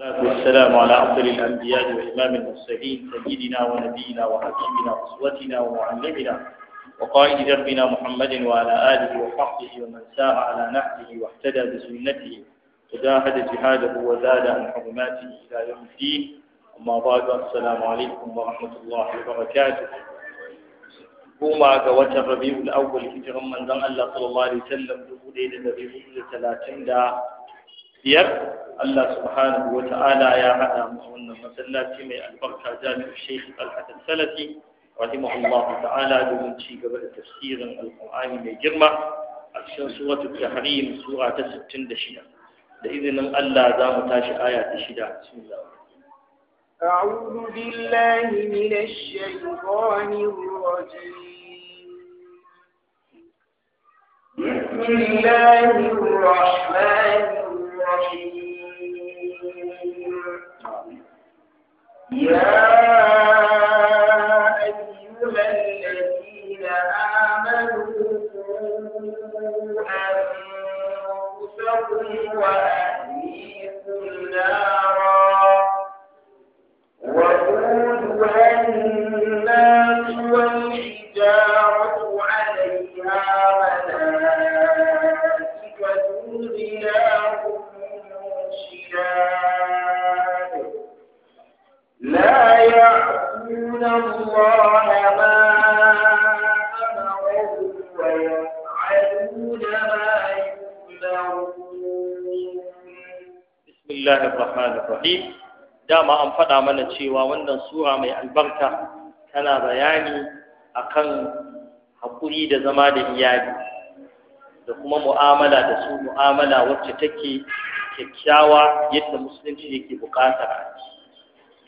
والصلاة والسلام على أفضل الأنبياء وإمام المرسلين سيدنا ونبينا وحبيبنا وأسوتنا ومعلمنا وقائد دربنا محمد وعلى آله وصحبه ومن سار على نحله واهتدى بسنته وجاهد جهاده وزاد عن حرماته إلى يوم الدين أما بعد السلام عليكم ورحمة الله وبركاته goma ga الربيع الأول في hijiran manzon Allah الله alaihi wasallam dubu ɗaya da ɗari hudu da biyar Allah subhanahu wa ta'ala ya hada mu wannan masallaci mai albarka jami'u Sheikh Talhat Salafi rahimahullah ta'ala domin ci gaba da tafsirin Al-Qur'ani mai girma a cikin suratul tahrim sura ta 66 da izinin Allah za mu tashi aya ta 6 bismillah أعوذ بالله من الشيطان الرجيم بسم الله الرحمن الرحيم يا dama an faɗa mana cewa wannan sura mai albarka tana bayani akan haƙuri da zama da iyali da kuma mu'amala da su mu'amala wacce take kyakkyawa yadda musulunci yake buƙatar a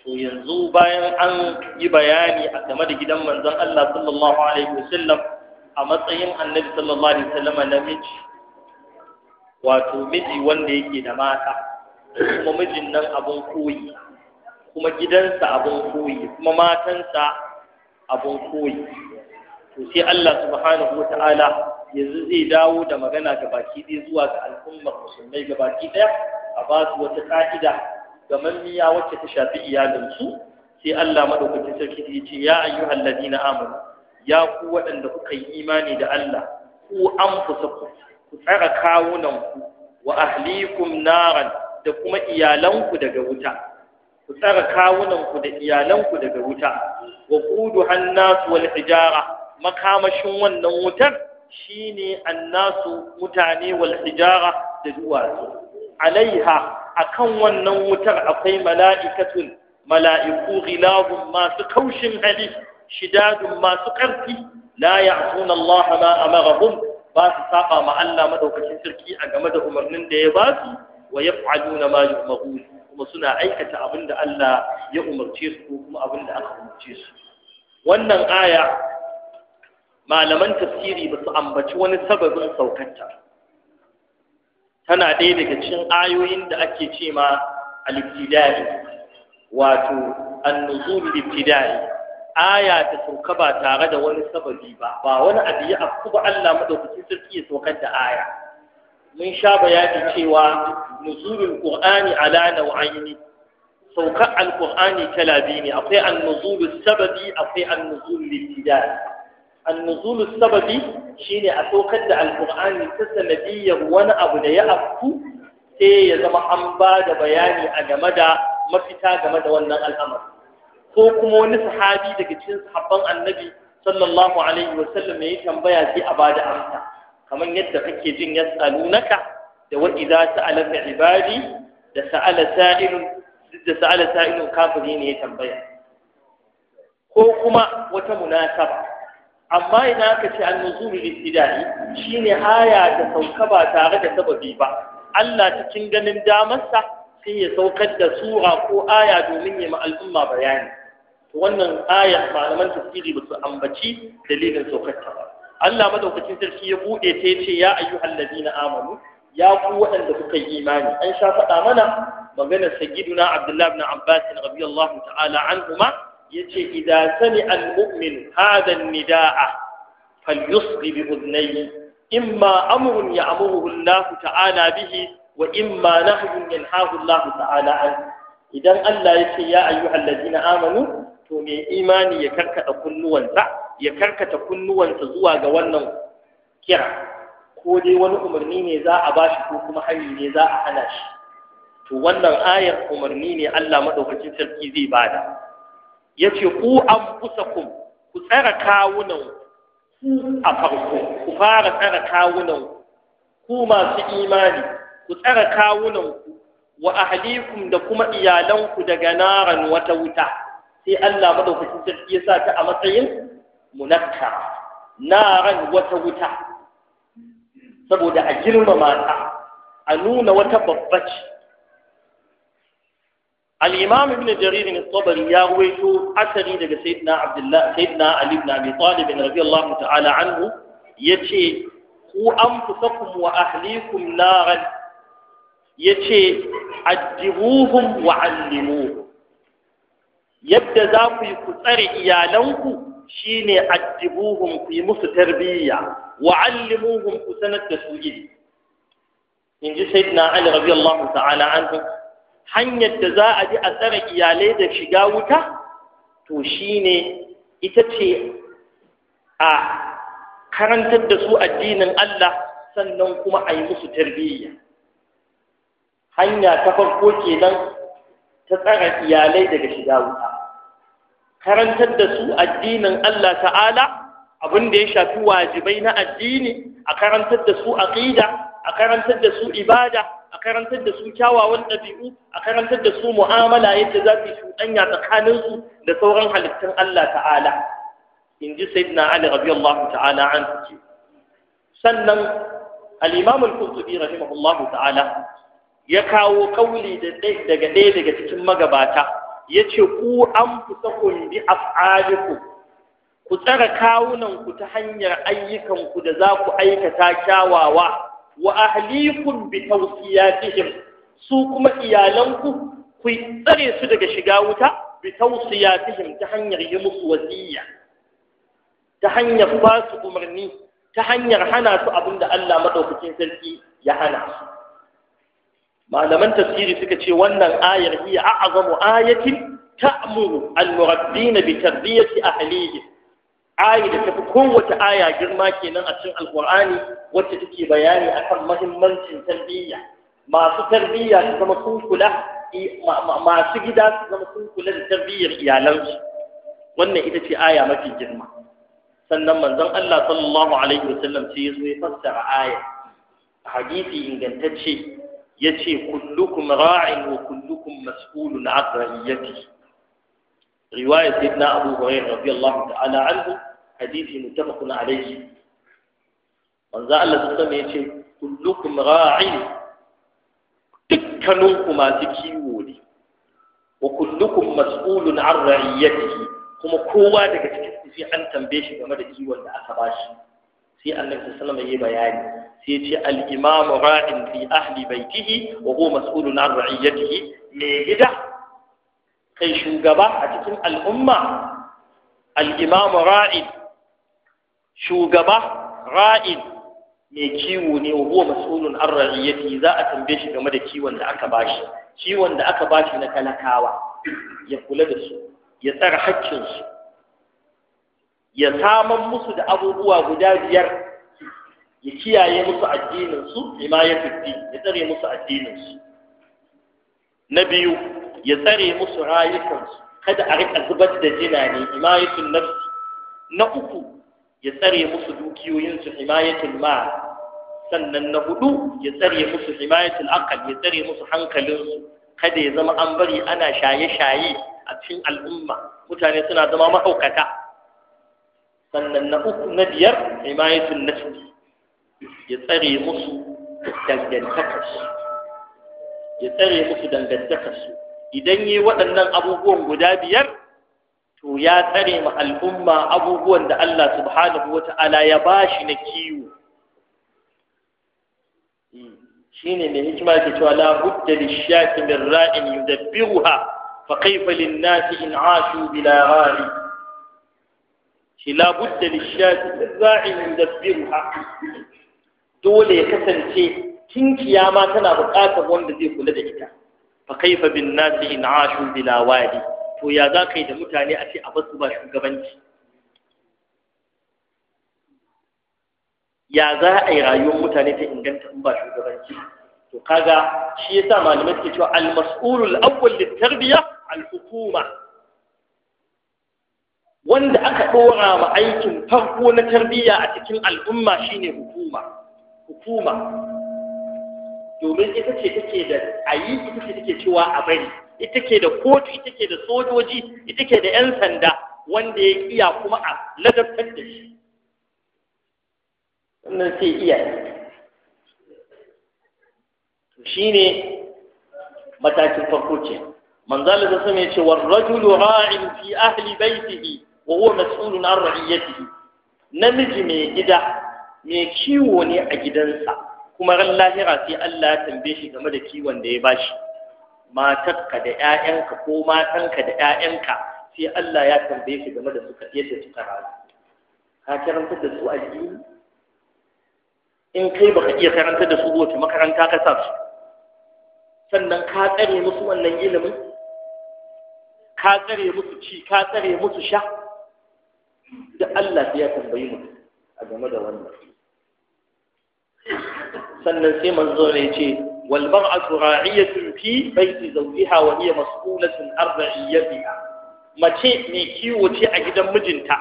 to yanzu bayan an yi bayani a game da gidan manzon Allah sallallahu alaihi wasallam a matsayin annabi sallallahu alaihi wasallam namiji wato miji wanda yake da mata kuma mijin nan abun koyi kuma gidansa abun koyi kuma matansa abun koyi to sai Allah subhanahu wata'ala yanzu zai dawo da magana ga baki ɗaya zuwa ga al'ummar musulmai ga baki ɗaya a ba su wata ka'ida gamammiya wacce ta shafi iyalinsu sai Allah madaukakin sarki ya ce ya ayyuhal ladina amanu ya ku waɗanda kuka yi imani da Allah ku anfusakum ku tsara kawunanku wa ahlikum naran da kuma iyalanku daga wuta ku tsara kawunanku da iyalanku daga wuta wa qudu hannasu wal hijara makamashin wannan wutar shine annasu mutane wal hijara da duwatsu alaiha akan wannan wutar akwai mala'ikatun mala'iku ghilabun masu kaushin hali shidadun masu ƙarfi la ya'tuna Allah ma amarahum ba su saba ma Allah madaukakin sarki a game da umarnin da ya ba su wa yaf'aluna ma yu'marun kuma suna aikata abin da Allah ya umarce su ko kuma abin da aka umarce su wannan aya malaman tafsiri ba su ambaci wani sababin saukarta tana ɗaya daga cikin ayoyin da ake ce ma al-ibtidai wato an-nuzul ibtidai aya ta sauka ba tare da wani sababi ba ba wani abu ya afku ba Allah madaukakin sarki ya saukar da aya mun sha bayani cewa nuzulul qur'ani ala nau'aini saukar alqur'ani kala biyu ne akwai an-nuzulus sababi akwai an-nuzulul ibtidai النزول السببي شيني أتوقد القرآن تسندية وانا أبو لي أبكو تي يزم حنبا بياني أجمدا مفتا جمدا وانا الأمر فوكم وني صحابي دكتين صحابان النبي صلى الله عليه وسلم يتنبيا في أباد أمسا كمن يدفك جن يسألونك وإذا سألك عبادي da sa'ala sa'ilun duk da sa'ala sa'ilun kafiri ne ya tambaya ko kuma wata munasaba amma ina aka ce an nuzulu littidai shine aya da sauka ba tare da sababi ba Allah cikin ganin damarsa sai ya saukar da sura ko aya domin ya ma al'umma bayani wannan aya malaman tafsiri ba su ambaci dalilin saukar ta ba Allah madaukakin sarki ya bude ta yace ya ayyuhal ladina amanu ya ku waɗanda kuka yi imani an sha faɗa mana maganar sayyiduna Abdullahi ibn Abbas radiyallahu ta'ala anhuma yace idza sami al-mu'min hadha an-nida'a falyusghi bi udnayhi imma amrun ya'muruhu Allah ta'ala bihi wa imma nahyun yanhahu Allah ta'ala an idan Allah yace ya ayyuhal ladina amanu to mai imani ya karkata kunnuwansa ya karkata kunnuwansa zuwa ga wannan kira ko dai wani umarni ne za a bashi ko kuma hanyar ne za a hana shi to wannan ayar umarni ne Allah madaukakin sarki zai bada ya ce ku an kusa ku Ku tsara kawunan ku a farko ku fara tsara kawunan ku masu imani ku tsara kawunan ku wa ahlikum da kuma iyalanku daga naran wata wuta sai Allah madaukakin sarki ya sa ta a matsayin munakka. naran wata wuta saboda a girmama ta a nuna wata babbaci الإمام ابن جرير الطبري يروي أثري لك سيدنا عبد الله سيدنا علي بن أبي طالب رضي الله تعالى عنه يتي قوا أنفسكم وأهليكم نارا يتي أدبوهم وعلموهم yadda za ku yi ku tsare iyalanku shine addibuhum ku yi musu tarbiyya wa allimuhum ku sanar da su ilimi in ji sayyidina ali radiyallahu ta'ala anhu hanyar da za a bi a tsare iyalai da shiga wuta to shine ita ce a karantar da su addinin Allah sannan kuma a yi musu tarbiyya hanya ta farko kenan ta tsare iyalai daga shiga wuta karantar da su addinin Allah ta'ala abin da ya shafi wajibai na addini a karantar da su aqida a karantar da su ibada a karantar da su kyawawan ɗabi'u a karantar da su mu'amala yadda za su yi cuɗanya tsakaninsu da sauran halittun Allah ta'ala in ji sayyidina Ali radiyallahu ta'ala an ce sannan al kuntubi al-Qurtubi ta'ala ya kawo kauli daga ɗaya daga cikin magabata ya ce ku an fusakun bi af'alikum ku tsara kawunanku ta hanyar ayyukanku da za ku aikata kyawawa wa ahlikum bi tawsiyatihim su kuma iyalanku ku tsare su daga shiga wuta bi tawsiyatihim ta hanyar yi musu wasiya ta hanyar ba su umarni ta hanyar hana su abin da Allah madaukakin sarki ya hana su malaman tafsiri suka ce wannan ayar hiya a'zamu ayatin ta'muru al-murabbina bi tarbiyati ahlihim ayi da tafi kowace aya girma kenan a cikin alkur'ani wacce take bayani akan mahimmancin tarbiyya masu tarbiyya su zama sun kula masu gida su zama sun kula da tarbiyyar iyalansu wannan ita ce aya mafi girma sannan manzon Allah sallallahu alaihi wasallam sai yazo ya fassara aya hadisi ingantacce yace kullukum ra'in wa kullukum mas'ulun an ra'iyatihi riwayar sayyidina abu hurairah radiyallahu ta'ala anhu hadisi muttafaqun alayhi manzo Allah sallallahu alaihi yace kullukum ra'in dukkaninku masu kiwo ne wa kullukum kuma kowa daga cikin ku an tambaye shi game da kiwon da aka bashi sai annabi sallallahu alaihi bayani sai ce al-imam ra'in fi ahli baitihi wa huwa mas'ulun an ra'iyatihi me gida kai shugaba a cikin al'umma al'imamu ra'id shugaba ra'id mai kiwo ne wa huwa mas'ulun an za a tambaye shi game da kiwon da aka bashi kiwon da aka bashi na talakawa ya kula da su ya tsara haƙƙinsu ya saman musu da abubuwa guda biyar ya kiyaye musu addininsu ima ya ya tsare musu addininsu na biyu ya tsare musu rayukansu kada a rika zubar da jinani himayatul nafsi na uku ya tsare musu dukiyoyinsu himayatul mal sannan na hudu ya tsare musu himayatul aqal ya tsare musu hankalinsu kada ya zama an bari ana shaye-shaye a cikin al'umma mutane suna zama mahaukata sannan na uku na biyar himayatul nafsi ya tsare musu dangantakarsu ya tsare musu dangantakarsu idan yi waɗannan abubuwan guda biyar to ya tsare ma al'umma abubuwan da Allah subhanahu wa Ta'ala ya ba shi na kiwo hmm. ne mai hikima ke cewa la budda lishaki min ra'in yudabbiruha fa kayfa lin-nasi in 'ashu bila ra'i shi la budda lishaki min ra'in yudabbiruha dole ya kasance tinkiya kiyama tana buƙatar wanda zai kula da ita fa kaifa bin nasi in ashu bila wali to ya za ka yi da mutane a ce a basu ba shugabanci ya za a yi rayuwar mutane ta inganta in ba shugabanci to kaga shi yasa malamai suke cewa al-mas'ulul awwal litarbiya al-hukuma wanda aka dora ma aikin farko na tarbiyya a cikin al'umma shine hukuma hukuma domin ita ce take da ayi ita ce take cewa a bari ita ke da kotu ita ke da sojoji ita ke da 'yan sanda wanda ya iya kuma a ladabtar da shi wannan sai iya shi ne matakin farko ce manzala ta sama ya ce wa rajulu ra'in fi ahli baitihi wa huwa mas'ulun an ra'iyatihi namiji mai gida mai kiwo ne a gidansa kuma ran lahira sai Allah ya tambaye shi game da kiwon da ya bashi matarka da ƴaƴanka ko matanka da ƴaƴanka sai Allah ya tambaye shi game da suka da suka rayu ka karantar da su addini in kai baka iya karantar da su wace makaranta ka sa su sannan ka tsare musu wannan ilimin ka tsare musu ci ka tsare musu sha da Allah sai ya tambayi mu a game da wannan sannan sai manzo ne ce wal mar'atu ra'iyatun fi baiti zawjiha wa hiya mas'ulatun arba'iyatiha mace ne kiwo ce a gidan mijinta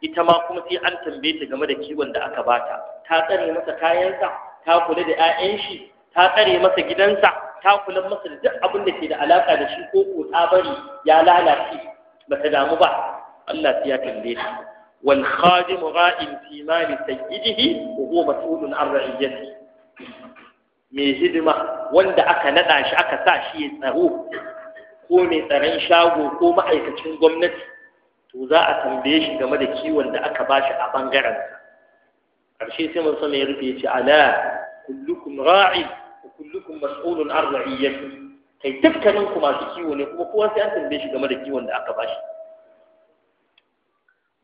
ita ma kuma sai an tambaye ta game da kiwon da aka bata ta tsare masa kayansa ta kula da 'ya'yan shi ta tsare masa gidansa ta kula masa da duk abin da ke da alaka da shi ko ko ta bari ya lalace bata damu ba Allah sai ya tambaye ta wal khadim ra'in fi mali sayyidihi wa huwa mas'ulun an hidima wanda aka nada shi aka sa shi ya tsaro ko mai tsaron shago ko ma'aikacin gwamnati to za a tambaye shi game kiwon da aka bashi a bangaren ƙarshe sai mun ya rufe ya ala kai dukkanin masu kiwo ne kuma kowa sai an tambaye shi game da kiwon da aka bashi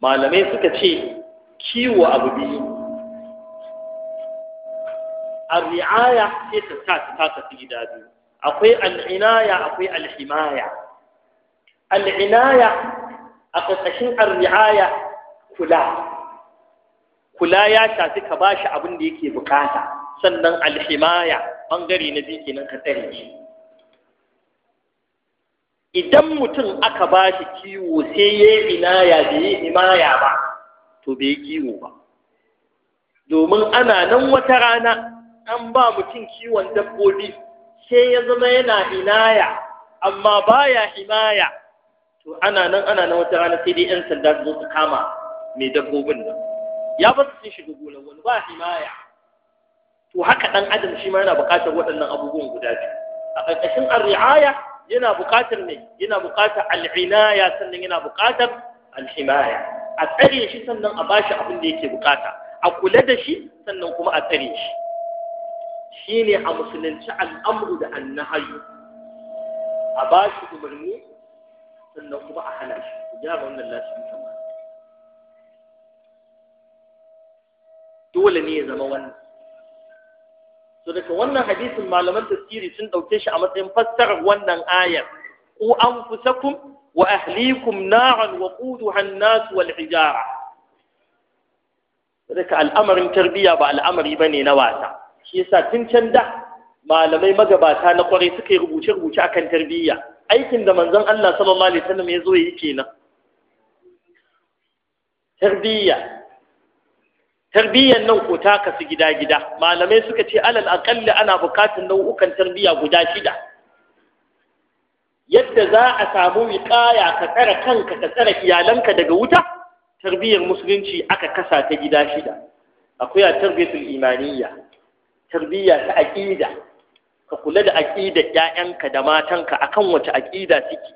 malamai suka ce kiwo abu biyu arri'aya sai ta sa ta kasa su gida biyu akwai al'inaya akwai alhimaya al'inaya a ƙarƙashin arri'aya kula kula ya shafi ka ba shi abin da yake bukata sannan alhimaya ɓangare na biyu kenan ka tsare shi idan mutum aka ba shi kiwo sai ya yi inaya bai yi himaya ba to bai kiwo ba domin ana nan wata rana an ba mutum kiwon dabbobi sai ya zama yana inaya amma baya himaya to ana nan ana nan wata rana sai dai 'yan sanda su kama mai dabbobin nan ya ba su sun shiga gonar wani ba himaya to haka ɗan adam shi ma yana bukatar waɗannan abubuwan guda biyu a ƙarƙashin arri'aya yana buƙatar ne yana buƙatar al'inaya sannan yana buƙatar alhimaya a tsare shi sannan a bashi abin da yake buƙata a kula da shi sannan kuma a tsare shi shine a musulunci al'amru da annahayu a bashi umarni sannan kuma a hana shi ku gyara wannan lafiya kamar dole ne ya zama wannan so daga wannan hadisin malaman tafsiri sun dauke shi a matsayin fassarar wannan ayar ku anfusakum wa ahlikum naran wa quduha an-nas wal hijara daga al'amarin tarbiyya ba al'amari bane na wasa shi yasa tun can da malamai magabata na kwarai suka yi rubuce-rubuce akan tarbiyya aikin da manzon Allah sallallahu alaihi wasallam ya zo yi kenan tarbiyya tarbiyyar nan ko ta kasu gida-gida malamai suka ce alal aƙalli ana buƙatar nau'ukan tarbiyya guda shida yadda za a samu ƙaya ka tsara kanka ka tsara iyalanka daga wuta tarbiyyar musulunci aka kasa ta gida shida akwai a su imaniya tarbiyya ta aƙida ka kula da aƙida ƴaƴanka da matanka akan wace aƙida suke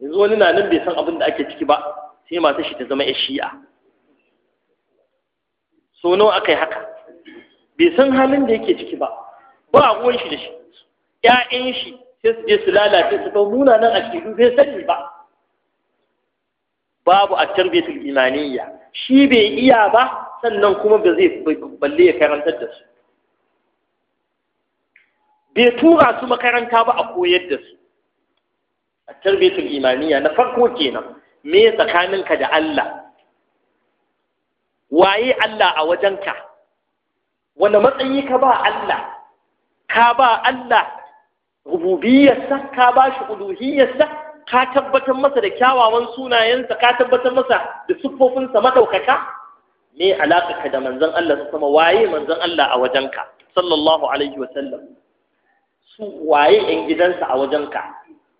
yanzu wani na nan bai san abin da ake ciki ba sai masu shi ta zama ya shi'a so nawa aka yi haka bai san halin da yake ciki ba ba a ruwan shi da shi ƴaƴan shi sai su je su lalace su ɗau nan a cikin bai sani ba babu a tarbiyatul imaniyya shi bai iya ba sannan kuma ba zai balle ya karantar da su bai tura su makaranta ba a koyar da su a tarbiyatul imaniyya na farko kenan me tsakaninka da Allah waye Allah a wajenka wanda matsayi ka ba Allah ka ba Allah rububiyarsa ka ba shi uluhiyarsa ka tabbatar masa da kyawawan sunayensa ka tabbatar masa da siffofinsa madaukaka me alaka ka da manzon Allah su sama waye manzon Allah a wajenka sallallahu alaihi wa sallam su waye yan gidansa a wajenka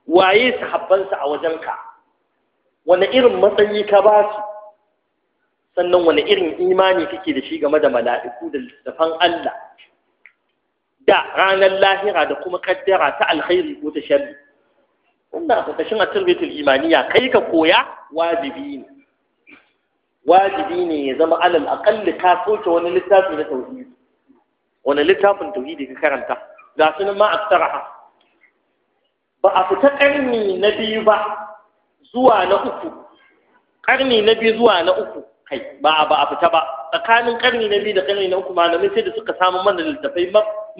waye sahabbansa a wajenka wani irin matsayi ka ba su sannan wani irin imani kake da shi game da mala'iku da littafan Allah da ranar lahira da kuma kaddara ta alkhairi ko ta sharri wannan a ƙarƙashin a tarbiyyar imaniya kai ka koya wajibi ne wajibi ne ya zama alal aƙalli ka soke wani littafi na tauhidi wani littafin tauhidi ka karanta ga su ma a ba a fita ƙarni na biyu ba zuwa na uku ƙarni na biyu zuwa na uku kai ba ba a fita ba tsakanin karni na biyu da karni na uku malamai sai da suka samu mana littafai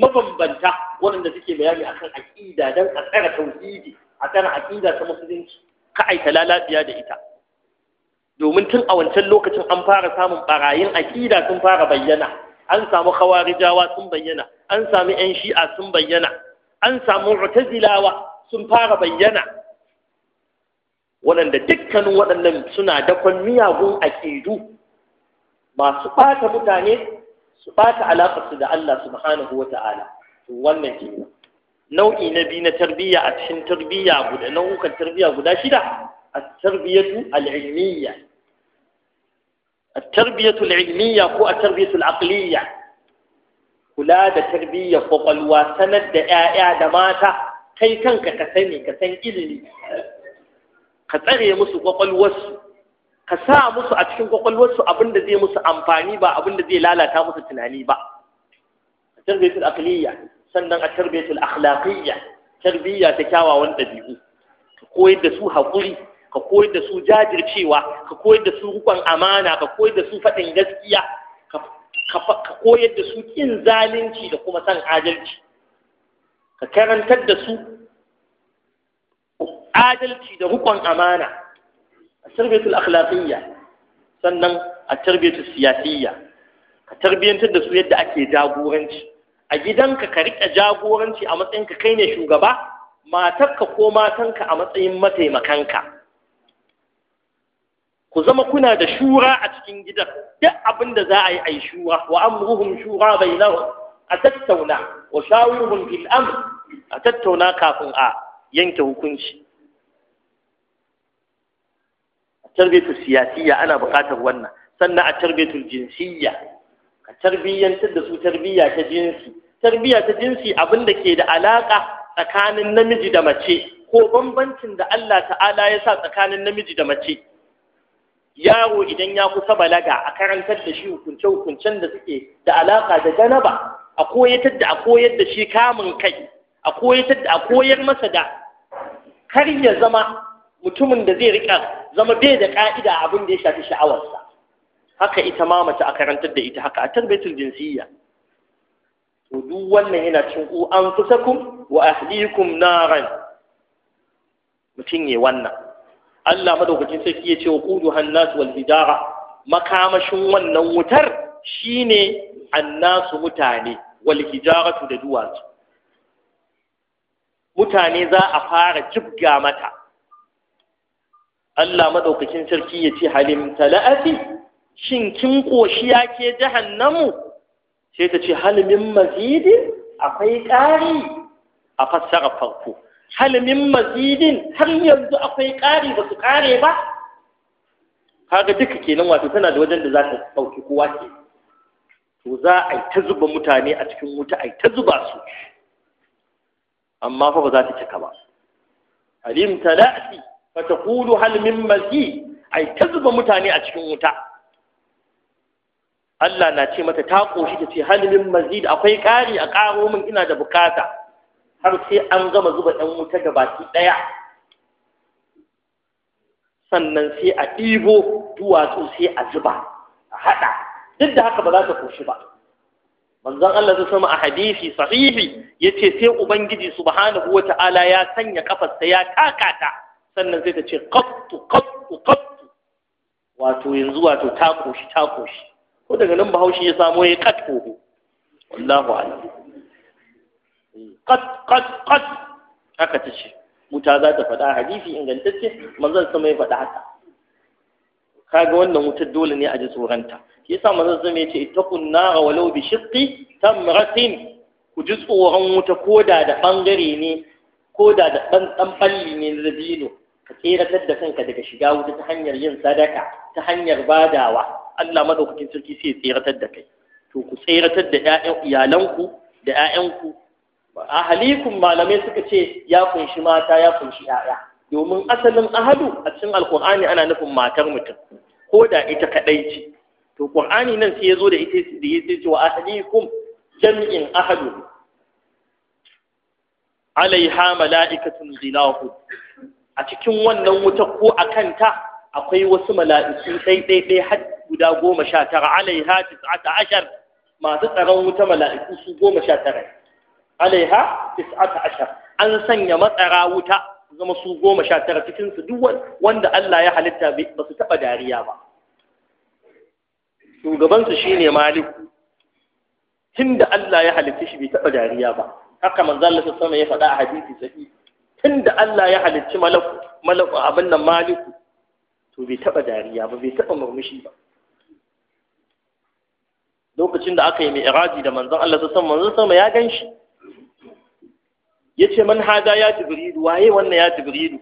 mabambanta waɗanda suke bayani akan aƙida don a tsara tauhidi a tsara aƙida ta musulunci ka aita lalabiya da ita domin tun a wancan lokacin an fara samun barayin aƙida sun fara bayyana an samu khawarijawa sun bayyana an samu yan shi'a sun bayyana an samu mu'tazilawa sun fara bayyana waɗanda duk dukkanin waɗannan suna dakon miyagun aƙidu masu ɓata mutane su ɓata alaƙarsu da Allah subhanahu wa ta'ala wannan nau'i na biyu na tarbiyya a cikin tarbiyya guda nau'ukan tarbiyya guda shida a tarbiyyatu al-ilmiyya at-tarbiyatu al ko a tarbiyyatu al kula da tarbiyya kwakwalwa sanar da 'ya'ya da mata kai kanka ka sani ka san ilimi ka tsare musu kwakwalwarsu ka sa musu a cikin kwakwalwarsu abin da zai musu amfani ba abin da zai lalata musu tunani ba a tarbiyyar aqliya sannan a tarbiyyar akhlaqiyya tarbiyya ta kyawawan ɗabi'u ka koyar da su haƙuri ka koyar da su jajircewa ka koyar da su rukun amana ka koyar da su faɗin gaskiya ka koyar da su ƙin zalunci da kuma san adalci ka karantar da su adalci da rukon amana a tarbiyatul akhlaqiyya sannan a tarbiyatul siyasiyya ka tarbiyantar da su yadda ake jagoranci a gidanka ka riƙe jagoranci a matsayinka kai ne shugaba matarka ko matanka a matsayin mataimakanka ku zama kuna da shura a cikin gidan duk abin da za a yi a yi shura wa amruhum shura bainahum a tattauna wa shawirhum fil amr a tattauna kafin a yanke hukunci tarbiyatul siyasiyya ana buƙatar wannan sannan a tarbiyatul jinsiyya ka tarbiyyantar da su tarbiyya ta jinsi tarbiyya ta jinsi abin da ke da alaƙa tsakanin namiji da mace ko bambancin da Allah ta'ala ya sa tsakanin namiji da mace yaro idan ya kusa balaga a karantar da shi hukunce-hukuncen da suke da alaƙa da janaba a koyatar da a koyar da shi kamun kai a koyatar da a koyar masa da kar ya zama mutumin da zai rika zama bai da ka'ida abin da ya shafi sha'awarsa haka ita ma mace a karantar da ita haka a tarbiyatul jinsiyya to duk wannan yana cin ku an fusakum wa ahlikum naran mutum ya wannan Allah madaukakin sarki ya ce wa qudu hannas wal hijara makamashin wannan wutar shine annasu mutane wal hijaratu da duwatsu mutane za a fara jibga mata Allah maɗaukakin sarki ya ce halim tala'ati shin kin ƙoshi ya ke jahannamu sai ta ce halimin mazidin akwai ƙari a fassara farko halimin mazidin har yanzu akwai ƙari ba su ƙare ba kaga duka kenan wato tana da wajen da za ta ɗauki kowa ke to za a yi ta zuba mutane a cikin wuta a yi ta zuba su amma fa ba za ta cika ba halim tala'ati فتقول هل من مزيد ai ta zuba mutane a cikin wuta Allah na ce mata ta koshi ta ce halin mazid akwai ƙari a ƙaro min ina da bukata har sai an gama zuba ɗan wuta da baki ɗaya sannan sai a ɗibo duwatsu sai a zuba a haɗa duk da haka ba za ta koshi ba manzon Allah zai sama a hadisi sahihi ce, sai ubangiji subhanahu wata'ala ya sanya kafarsa ya taka ta sannan sai ta ce qattu qattu qattu wato yanzu wato ta koshi ta koshi ko daga nan bahaushe ya samo ya kat koko? wallahu a'lam qat qat qat haka ta ce wuta za ta faɗa hadisi ingantacce manzon sama ya faɗa haka kaga wannan wutar dole ne a ji tsoronta shi yasa manzon sama ya ce ittaqun nara walau bi shiqqi tamratin ku ji tsoron wuta koda da bangare ne ko da ɗan ɗan balli ne na dabino ka tseratar da kanka daga shiga wuta ta hanyar yin sadaka ta hanyar badawa Allah madaukakin sarki sai ya tseratar da kai to ku tseratar da iyalanku da 'ya'yanku ahalikum malamai suka ce ya kunshi mata ya kunshi 'ya'ya domin asalin ahadu a cikin alkur'ani ana nufin matar mutum ko da ita kadai ce to qur'ani nan sai ya zo da ita da ya ce wa ahalikum jam'in ahadu alaiha mala'ikatun zilahu a cikin wannan wuta ko a kanta akwai wasu mala'iku ɗaiɗaiɗai har guda goma sha tara alaiha tis'ata ashar masu tsaron wuta mala'iku su goma sha tara alaiha tis'ata ashar an sanya matsara wuta zama su goma sha tara cikin su duk wanda Allah ya halitta ba su taɓa dariya ba shugabansu shine maliku tunda Allah ya halitta shi bai taɓa dariya ba haka manzo Allah sama ya faɗa a hadisi sahihi Tunda Allah ya halicci malaku malaku abin nan maliku to bai taɓa dariya ba bai taɓa murmushi ba lokacin da aka yi mai iraji da manzon Allah ta san manzon sama ya gan shi ya ce man hada ya jibrilu waye wannan ya jibrilu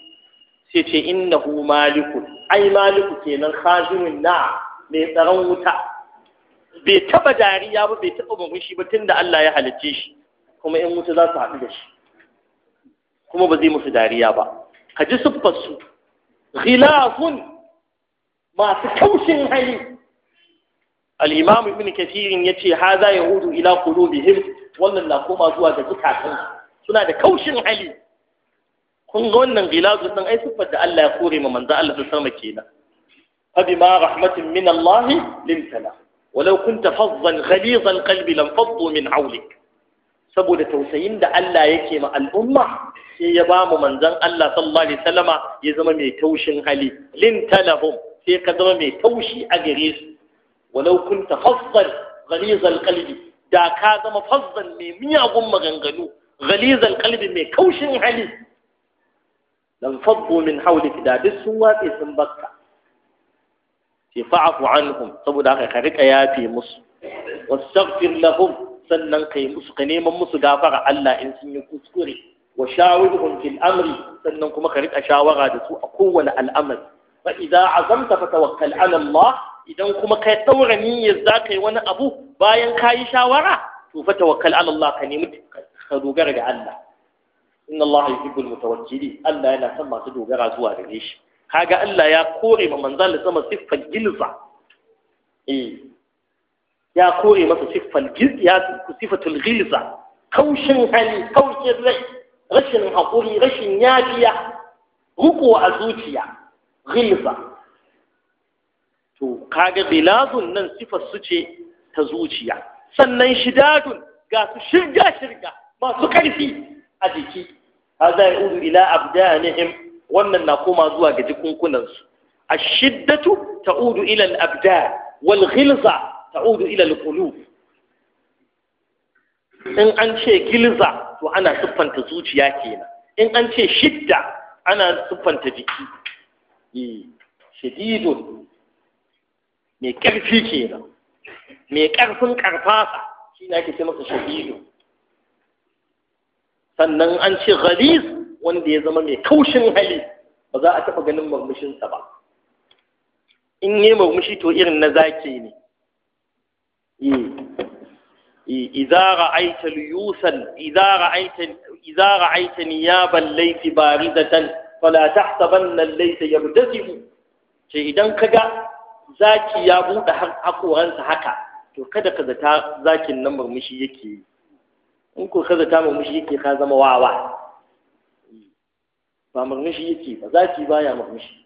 sai ce innahu maliku ai maliku kenan khazimin na mai tsaron wuta bai taba dariya ba bai taba murmushi ba tunda Allah ya halicce shi kuma in wuta za su haɗu da shi kuma ba zai musu dariya ba ka ji siffarsu ghilafun masu kaushin Ali. al-imam ibn kathirin yace haza yahudu ila qulubihim wannan na koma zuwa ga zukatan suna da kaushin hali kun ga wannan gilazu din ai sifar da Allah ya kore ma manzo Allah ta sama kenan fa bima rahmatin min Allah lintala walau kunta fazzan ghalizan qalbi lam faddu min hawlik saboda tausayin da Allah yake ma al'umma sai ya ba mu manzan Allah sallallahu alaihi wasallama ya zama mai taushin hali lin talahum sai ka zama mai taushi a gare su walau kunta fazzan ghalizal qalbi da ka zama fazzan mai miyagun maganganu ghalizal qalbi mai kaushin hali dan fadu min hawlik da duk sun watse sun bakka sai fa'afu anhum saboda haka ka rika yafe musu wastaghfir lahum sannan kai musu ka neman musu gafara Allah in sun yi kuskure wa shawirhum fil amri sannan kuma ka rika shawara da su a kowane al'amari fa idza azamta fatawakkal ala Allah idan kuma kai daura niyyar za ka yi wani abu bayan ka yi shawara to fatawakkal ala Allah ka nemi ka dogara ga Allah inna Allah yuhibbul mutawakkili Allah yana son masu dogara zuwa gare shi kaga Allah ya kore ma manzon da sama siffar gilza eh ya kore masa siffar gilza ya sifatul gilza kaushin hali kaushin rai rashin haƙuri rashin yafiya riko a zuciya ghilza to kaga bilazun nan sifar su ce ta zuciya sannan shidadun ga su shirga shirga masu ƙarfi a jiki hadha yaudu ila abdanihim wannan na koma zuwa ga jikunkunan su ashiddatu ta'udu ila al-abdan wal ghilza ta'udu ila al-qulub in an ce gilza to ana siffanta zuciya kenan in an ce shidda ana siffanta jiki eh shadidun mai ƙarfi kenan mai ƙarfin ƙarfasa shi ne ake ce masa shadidun sannan an ce ghaliz wanda ya zama mai kaushin hali ba za a taɓa ganin murmushinsa ba in yi murmushi to irin na zaki ne eh. إذا رأيت ليوسا إذا رأيت إذا رأيت نياب باردة فلا تحسبن الليث يبتسم شيء إذا كذا zaki ya buɗe haƙoransa haka to kada ka zata zakin nan murmushi yake in ko ka zata murmushi yake ka zama wawa ba murmushi yake ba zaki baya murmushi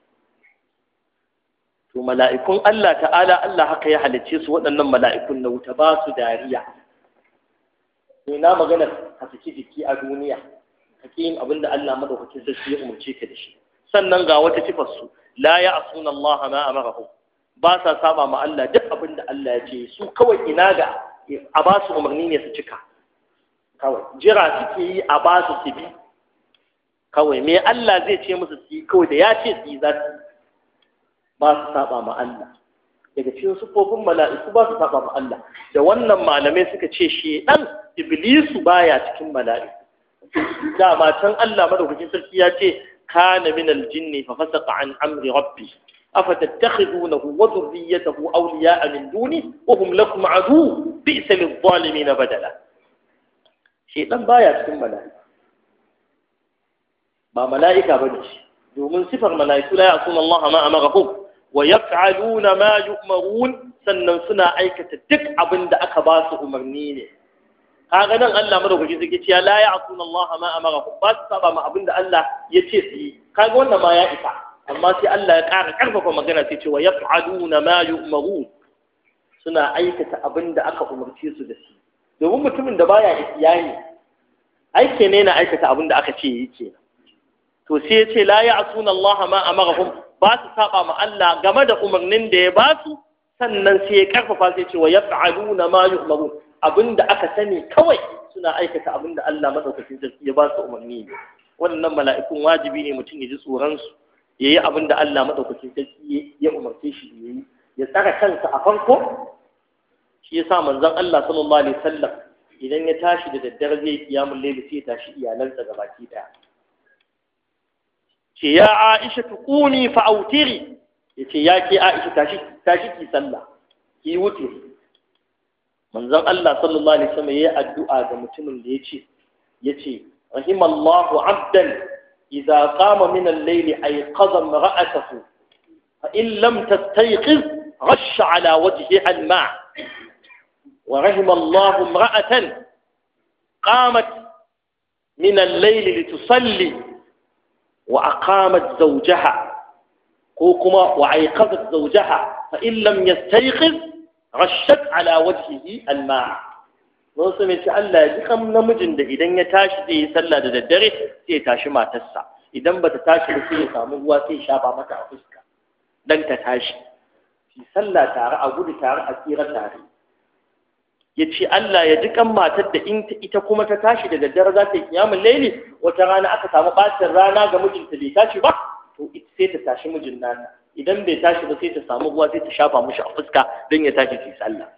to mala'ikun Allah ta'ala Allah haka ya halicce su waɗannan mala'ikun na wuta ba su dariya na magana ka saki jiki a duniya ka yin abin da Allah madaukakin sarki ya umarce ka da shi sannan ga wata sifar su la ya'suna Allah ma hau. ba sa saba ma Allah duk abin da Allah ya ce su kawai ina ga a ba su umarni ne su cika kawai jira suke yi a ba su su bi kawai me Allah zai ce musu su yi kawai da ya ce su yi za su ba su saba ma Allah daga cikin sufofin mala'iku ba su saba ma Allah da wannan malamai suka ce shi shedan iblisu baya cikin mala'iku da matan Allah madaukakin sarki ya ce kana min aljinni fa fasaqa an amri rabbi afatattakhidunahu wa dhurriyyatahu awliya'a min duni wa hum lakum adu bi'sa lidh-dhalimin badala Shi shedan baya cikin mala'iku ba mala'ika bane domin sifar mala'iku la ya'suna Allah ma amarahum wa yaf'aluna ma yu'marun sannan suna aikata duk abin da aka ba su umarni ne kaga nan Allah da madaukaki zai ce la ya'tuna Allah ma amara ba su saba ma abin da Allah ya ce su yi kaga wannan ma ya isa amma sai Allah ya ƙara ƙarfafa magana sai ce wa yaf'aluna ma yu'marun suna aikata abin da aka umarce su da shi domin mutumin da baya isyani aike ne na aikata abin da aka ce yake to sai ya ce la ya'tuna Allah ma amarahum ba su saba ma Allah game da umarnin da ya ba su sannan sai ya karfafa sai ce wa na ma yu'marun abinda aka sani kawai suna aikata abinda Allah madaukakin sarki ya ba su umarni ne wannan mala'ikun wajibi ne mutum ya ji tsoron su yayi abinda Allah madaukakin sarki ya umarce shi yayi ya tsara kansa a farko shi yasa manzon Allah sallallahu alaihi wasallam idan ya tashi da daddare zai kiyamul layli sai ya tashi iyalansa gabaki ɗaya. ce ya Aisha tukuni fa'autiri autiri yace ya ke Aisha tashi ki sallah ki wuce manzon Allah sallallahu alaihi wasallam addu'a ga mutumin da yace yace rahimallahu abdan iza qama min al-layli ayqadha imra'atahu ta in lam tastayqiz غش على وجهها الماء ورحم الله امرأة قامت من الليل لتصلي wa aqamat zaujaha, ko kuma wa aiqazat zaujaha, fa in lam yastayqiz rashat ala wajhihi alma mun su mai Allah ya kan namijin da idan ya tashi zai yi sallah da daddare sai ya tashi matarsa idan bata tashi ba sai ya samu ruwa sai ya shafa mata a fuska dan ta tashi ki sallah tare a gudu tare a tsira tare ya ce Allah ya ji kan matar da ita kuma ta tashi da daddare za ta yi kiyamun laili wata rana aka samu ɓacin rana ga mijinta bai tashi ba to ita sai ta tashi mijin nata idan bai tashi ba sai ta samu ruwa sai ta shafa mushi a fuska don ya tashi ta sallah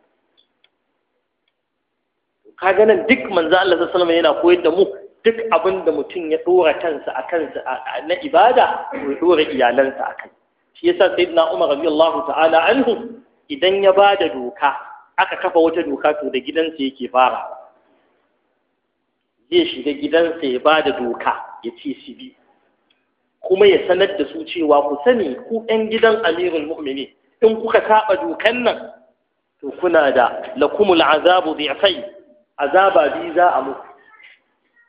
Ka nan duk manzo Allah sallallahu alaihi yana koyar da mu duk abin da mutum ya dora kansa a kansa na ibada ya dora iyalansa a kai shi yasa sayyidina Umar radiyallahu ta'ala anhu idan ya bada doka aka kafa wata doka to da gidansa yake fara zai shiga gidansa ya ba da doka ya ce su bi kuma ya sanar da su cewa ku sani ku ɗan gidan amirul mu'mini in kuka saba dokan nan to kuna da lakumul azabu bi'fai azaba bi za a muku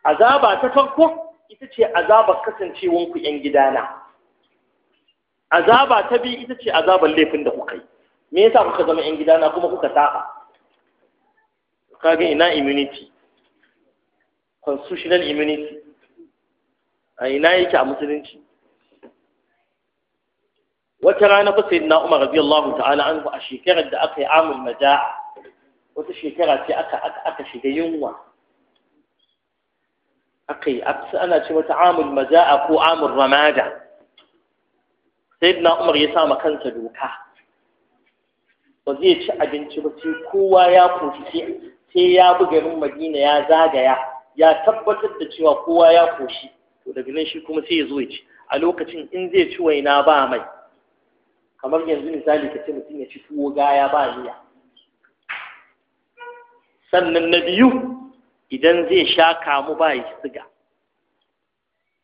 azaba ta farko ita ce azaba kasancewanku ‘yan gidana, azaba ta biyu ita ce azaban laifin da kuka yi. me yasa kuka zama yan gidana kuma kuka saba kaga ina immunity constitutional immunity a ina yake a musulunci wata rana fa sayyidina Umar radiyallahu ta'ala anhu a shekarar da aka yi amul majaa wata shekara ce aka aka shiga yunwa aka yi ana ce wata amul majaa ko amul ramada sayyidina Umar ya sa kansa doka ba zai ci abinci ba sai kowa ya koshi sai ya bi garin madina ya zagaya ya tabbatar da cewa kowa ya koshi to daga nan shi kuma sai ya zo ya ci a lokacin in zai ci waina ba mai kamar yanzu misali ka ce mutum ya ci tuwo gaya ba miya sannan na biyu idan zai sha kamu ba ya siga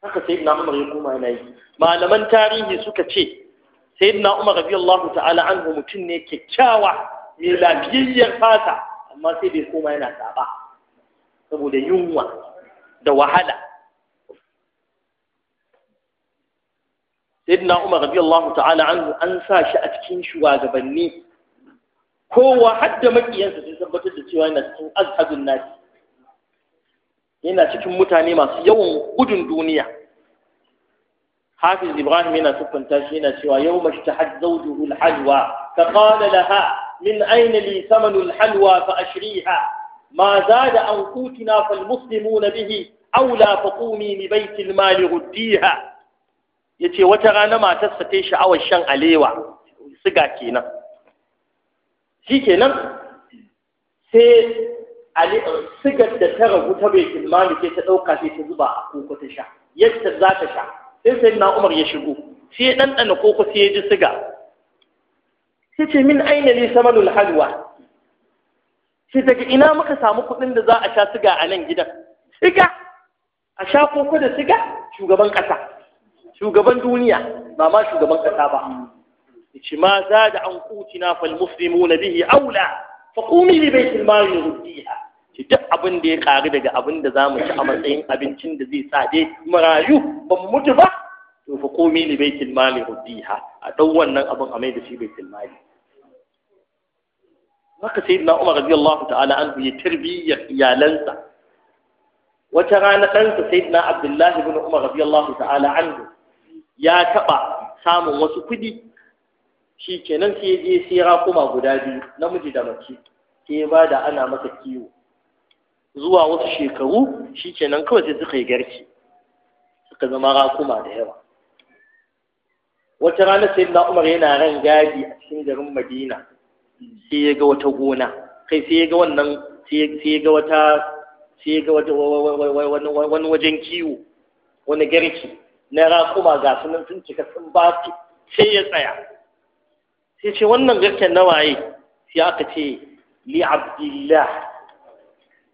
haka sai na umar ya koma yana yi malaman tarihi suka ce sayyidina umar radiyallahu ta'ala anhu mutum ne kyakkyawa mai lafiyayyar fata amma sai bai koma yana saba saboda yunwa da wahala sayyidina umar radiyallahu ta'ala anhu an sa shi a cikin shugabanni kowa hadda makiyansa sun tabbatar da cewa yana cikin azhabin nasi yana cikin mutane masu yawan gudun duniya hafiz ibrahim yana siffanta shi yana cewa yau mashi ta hajjaujuhu alhalwa ka qala laha min aina li samanu alhalwa fa ashriha ma zada an kutuna fal muslimuna bihi aula fa qumi li baiti almal ruddiha yace wata rana matarsa ta sha'awar shan alewa siga kenan shikenan sai sigar da ta ragu ta bai mali sai ta ɗauka sai ta zuba a koko sha yadda za ta sha sai sai na umar ya shigo sai ya ɗanɗana koko sai ya ji siga sai ce min aina li samanul halwa sai daga ina muka samu kuɗin da za a sha siga a nan gidan siga a sha koko da siga shugaban ƙasa shugaban duniya ba ma shugaban ƙasa ba ce ma za da an na fal na bihi aula fa qumi li baitil mali ruddiha ci duk abin da ya ƙari daga abin da za mu ci a matsayin abincin da zai sa dai marayu ban mutu ba to fa komi li baitil mali huddiha a dau wannan abin a mai da shi baitil mali haka sayyidina Umar radiyallahu ta'ala anhu ya tarbiyyar iyalansa wata rana ɗansa sayyidina Abdullahi ibn Umar radiyallahu ta'ala anhu ya taɓa samun wasu kuɗi shi kenan sai ya je sai kuma guda biyu namiji da mace sai ba da ana masa kiwo zuwa wasu shekaru shi nan kawai sai suka yi garki suka zama rakuma da yawa wata rana sai na umar yana ran gadi a cikin garin madina sai ya ga wata gona kai sai ya ga wannan sai ya ga wata sai ya ga wani wajen kiwo wani garki na rakuma ga sunan sun cika sun ba sai ya tsaya sai ce wannan garken na waye sai aka ce li abdillah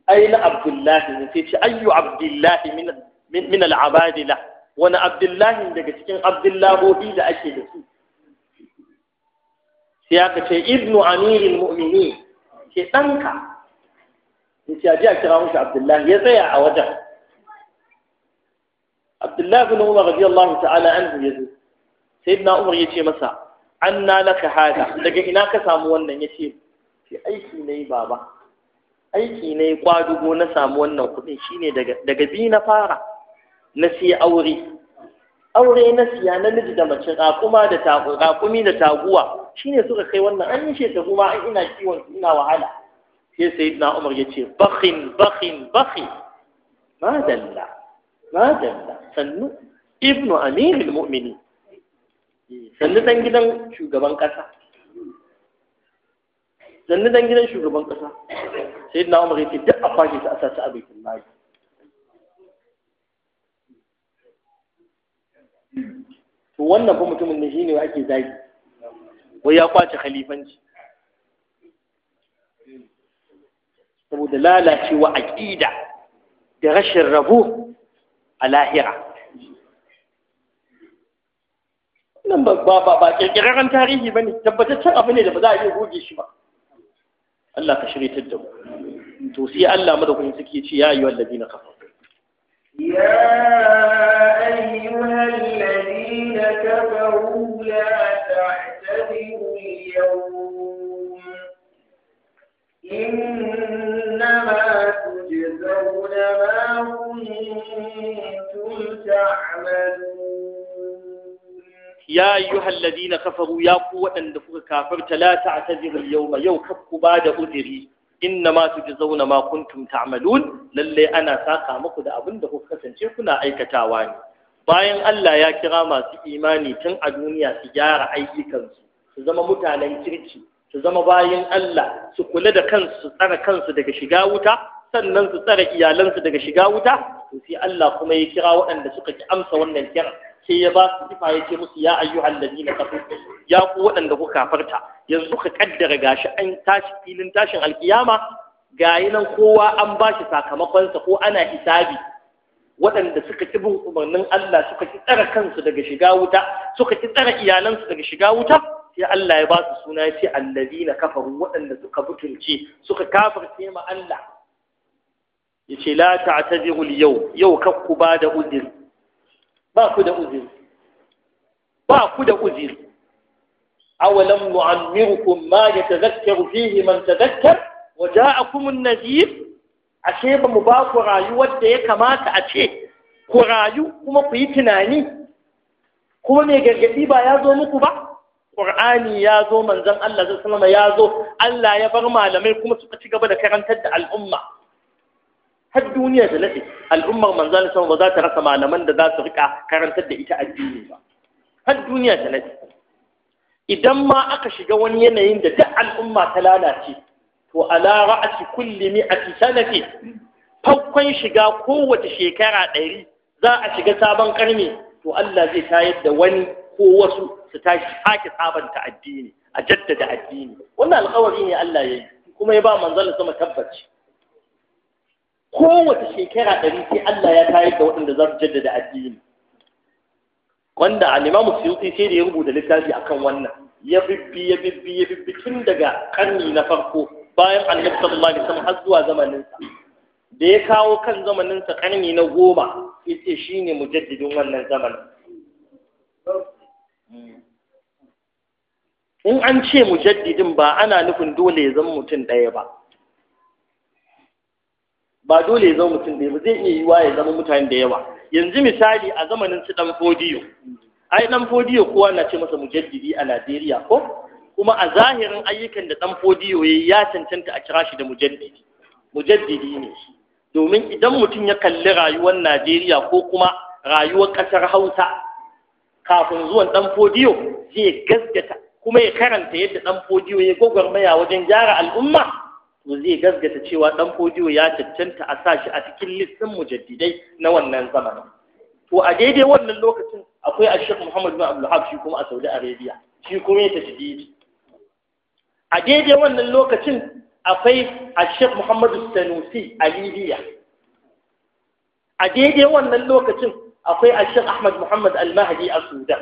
أين عبد الله نسيت أي عبد الله من من العباد له وأنا عبد الله من عبد الله هو إذا أشهد سياقة ابن أمير المؤمنين ke ɗanka ya ce aji a kira abdullahi ya tsaya a wajen abdullahi bin umar radiyallahu ta'ala ya zo sai na umar ya ce masa an na laka hada daga ina ka samu wannan ya ce aiki na yi baba aiki na yi kwadugo na samu wannan kuɗin shine daga biyu na fara na siya aure aure na siya na miji da mace raƙuma da raƙumi da taguwa shine suka kai wannan an yi shekaru ma an ina kiwon su ina wahala sai na Umar ya ce bakhin bakhin bakhin madalla madalla sannu ibnu amirul mu'mini sannu dan gidan shugaban ƙasa sannu dan gidan shugaban ƙasa sai na umar ce duk a fashe su a sa su a to wannan fa mutumin ne shine ake zagi wai ya kwace khalifanci saboda lalacewa aƙida da rashin rabo a lahira nan ba ba ba ƙirƙirar tarihi ne, tabbataccen abu ne da ba za a iya goge shi ba Allah ka shirye ta da mu to sai Allah madaukakin suke ce ya ayyuhal ladina kafaru ya ayyuhal ladina kafaru la ta'tadiru al-yawm innama tujzauna ma kuntum ta'malun ya ayyuhal ladina kafaru ya ku waɗanda kuka kafarta la ta'tadiru al-yawma yau ku ba da udiri inna ji tujzauna ma kuntum ta'malun lalle ana saka muku da abun da kuka kasance kuna aikatawa ne bayan Allah ya kira masu imani tun a duniya su gyara ayyukansu su zama mutanen kirki su zama bayan Allah su kula da kansu su tsara kansu daga shiga wuta sannan su tsara iyalansu daga shiga wuta to Allah kuma ya kira waɗanda suka ki amsa wannan kira sai ya ba su sifa ya ce musu ya ayyuhal na kafaru ya ku waɗanda kuka farta yanzu ka kaddara gashi an tashi filin tashin alkiyama gayi nan kowa an ba shi sakamakonsa ko ana hisabi waɗanda suka ci bin umarnin Allah suka ci tsara kansu daga shiga wuta suka ci tsara iyalansu daga shiga wuta sai Allah ya ba su suna ya ce na kafaru waɗanda suka butulce suka kafarce ma Allah yace la ta'tadiru al-yau yau kakku ba da uzuri ba ku da uzir! ba ku da uzuri awalam nu'ammirukum ma yatazakkaru fihi man tazakkar wa ja'akum an-nadhir ashe ba mu ba ku rayuwar da ya kamata a ce ku rayu kuma ku yi tunani kuma mai gargadi ba ya zo muku ba Qur'ani ya zo manzon Allah sallallahu alaihi wasallam ya zo Allah ya bar malamai kuma suka ci gaba da karantar da al'umma har duniya da nade al'ummar manzon sama ba za ta rasa malaman da za su rika karantar da ita addini ba har duniya da nade idan ma aka shiga wani yanayin da duk al'umma ta lalace to ala ra'ati kulli mi'ati sanati farkon shiga kowace shekara ɗari za a shiga sabon karni to Allah zai tayar da wani ko wasu su tashi sake sabanta addini a jaddada addini wannan alƙawari ne Allah ya yi kuma ya ba manzon sama tabbaci kowace shekara ɗari sai Allah ya tayar da waɗanda za su jaddada addini wanda al'imamu suyuti sai da ya rubuta littafi a kan wannan ya bibbi ya bibbi ya bibbi tun daga ƙarni na farko bayan annabi sallallahu alaihi wasallam har zuwa zamaninsa da ya kawo kan zamaninsa ƙarni na goma ya ce shi ne mujaddidin wannan zamanin in an ce mujaddidin ba ana nufin dole ya zama mutum ɗaya ba ba dole ya zama mutum ɗaya ba zai iya yiwa ya zama mutane da yawa yanzu misali a zamanin su ɗan fodiyo ai dan fodiyo kowa na ce masa mujaddidi a Najeriya ko kuma a zahirin ayyukan da ɗan fodiyo yayi ya cancanta a kira shi da mujaddidi mujaddidi ne domin idan mutum ya kalli rayuwar Najeriya ko kuma rayuwar ƙasar Hausa kafin zuwan dan fodiyo zai gaskata kuma ya karanta yadda ɗan fodiyo ya gwagwarmaya wajen gyara al'umma to zai gasgata cewa dan fodiyo ya cancanta a sa shi a cikin listin mujaddidai na wannan zamanin to a daidai wannan lokacin akwai a shek muhammad bin abdulhab shi kuma a saudi arabia shi kuma ya tafi a daidai wannan lokacin akwai a shek muhammadu sanusi a libya a daidai wannan lokacin akwai a shek ahmad muhammad al-mahdi a sudan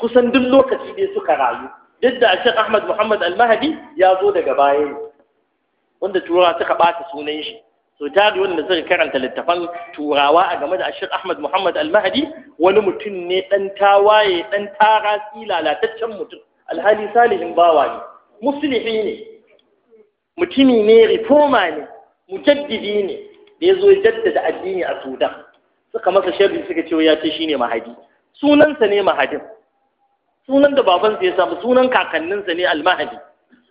kusan duk lokaci dai suka rayu duk da a shek ahmad muhammad al-mahdi ya zo daga baya wanda turawa suka ɓata sunan shi so tari wanda suka karanta littafan turawa a game da ashir ahmad muhammad al-mahdi wani mutum ne ɗan tawaye ɗan tara lalataccen mutum alhali salihin bawa ne Musulmi ne mutumi ne rifoma ne mujaddidi ne da ya zo jaddada addini a sudan suka masa sharri suka ce ya ce shine mahadi sunansa ne mahadin sunan da babansa ya samu sunan kakanninsa ne al-mahadi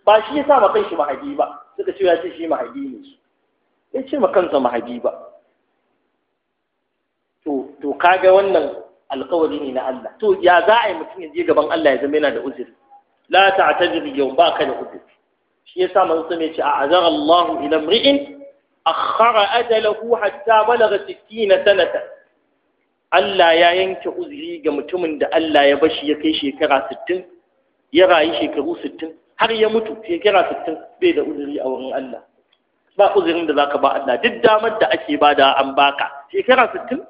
ba shi ya sa ma kanshi mahadi ba suka ce ya ce shi mahadi ne su ya ce ma kansa mahadi ba to to kaga wannan alkawari ne na Allah to ya za a yi mutum ya je gaban Allah ya zama yana da uzuri la ta'tadir yau ba ka da uzuri shi ya sa manzo ya ce a azara Allah ila mri'in akhara ajalahu hatta balagha 60 sanata Allah ya yanke uzuri ga mutumin da Allah ya bashi ya kai shekara 60 ya rayu shekaru 60 har ya mutu shekara sittin bai da uzuri a wurin Allah ba uzurin da zaka ba Allah duk damar da ake bada an baka shekara sittin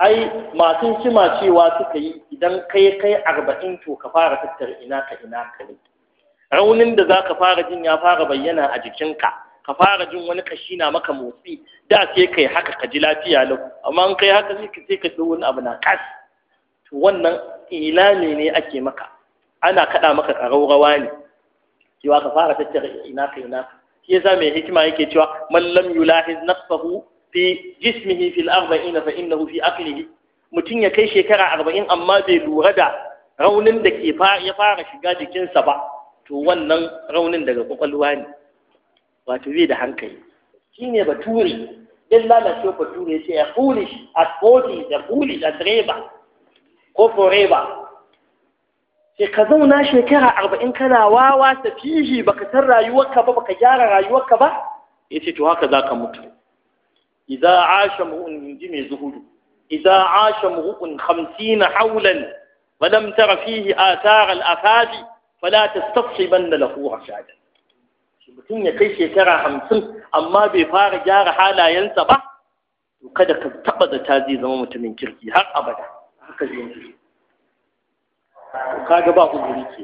ai masu shima cewa suka yi idan kai kai arba'in to ka fara tattara ina ka ina ka ne raunin da za ka fara jin ya fara bayyana a jikinka ka fara jin wani kashi na maka motsi da sai kai haka ka ji lafiya lau amma in kai haka sai ka sai wani abu na kas to wannan ilami ne ake maka ana kaɗa maka ƙararrawa ne cewa ka fara tattara ina ka ina shi yasa mai hikima yake cewa man lam yulahiz nafsahu fi jismihi fil arba'in fa innahu fi aqlihi mutum ya kai shekara arba'in amma bai lura da raunin da ke ya fara shiga jikinsa ba to wannan raunin daga kwakwalwa ne wato bai da hankali shine bature din lalacewa bature sai ya foolish at 40 da foolish at reba ko forever sai eh, ka zauna shekara arba'in kana wawa ta tafihi baka san rayuwarka ba baka gyara rayuwarka ba yace to haka za ka mutu idza asha mu'un inji mai zuhudu idza asha mu'un 50 hawlan wa lam tara fihi athar al-afadi fala tastashibanna lahu rashada mutum ya kai shekara hamsin amma bai fara gyara halayensa ba to kada ka taɓa da ta zai zama mutumin kirki har abada haka zai kaga ba uzuri ke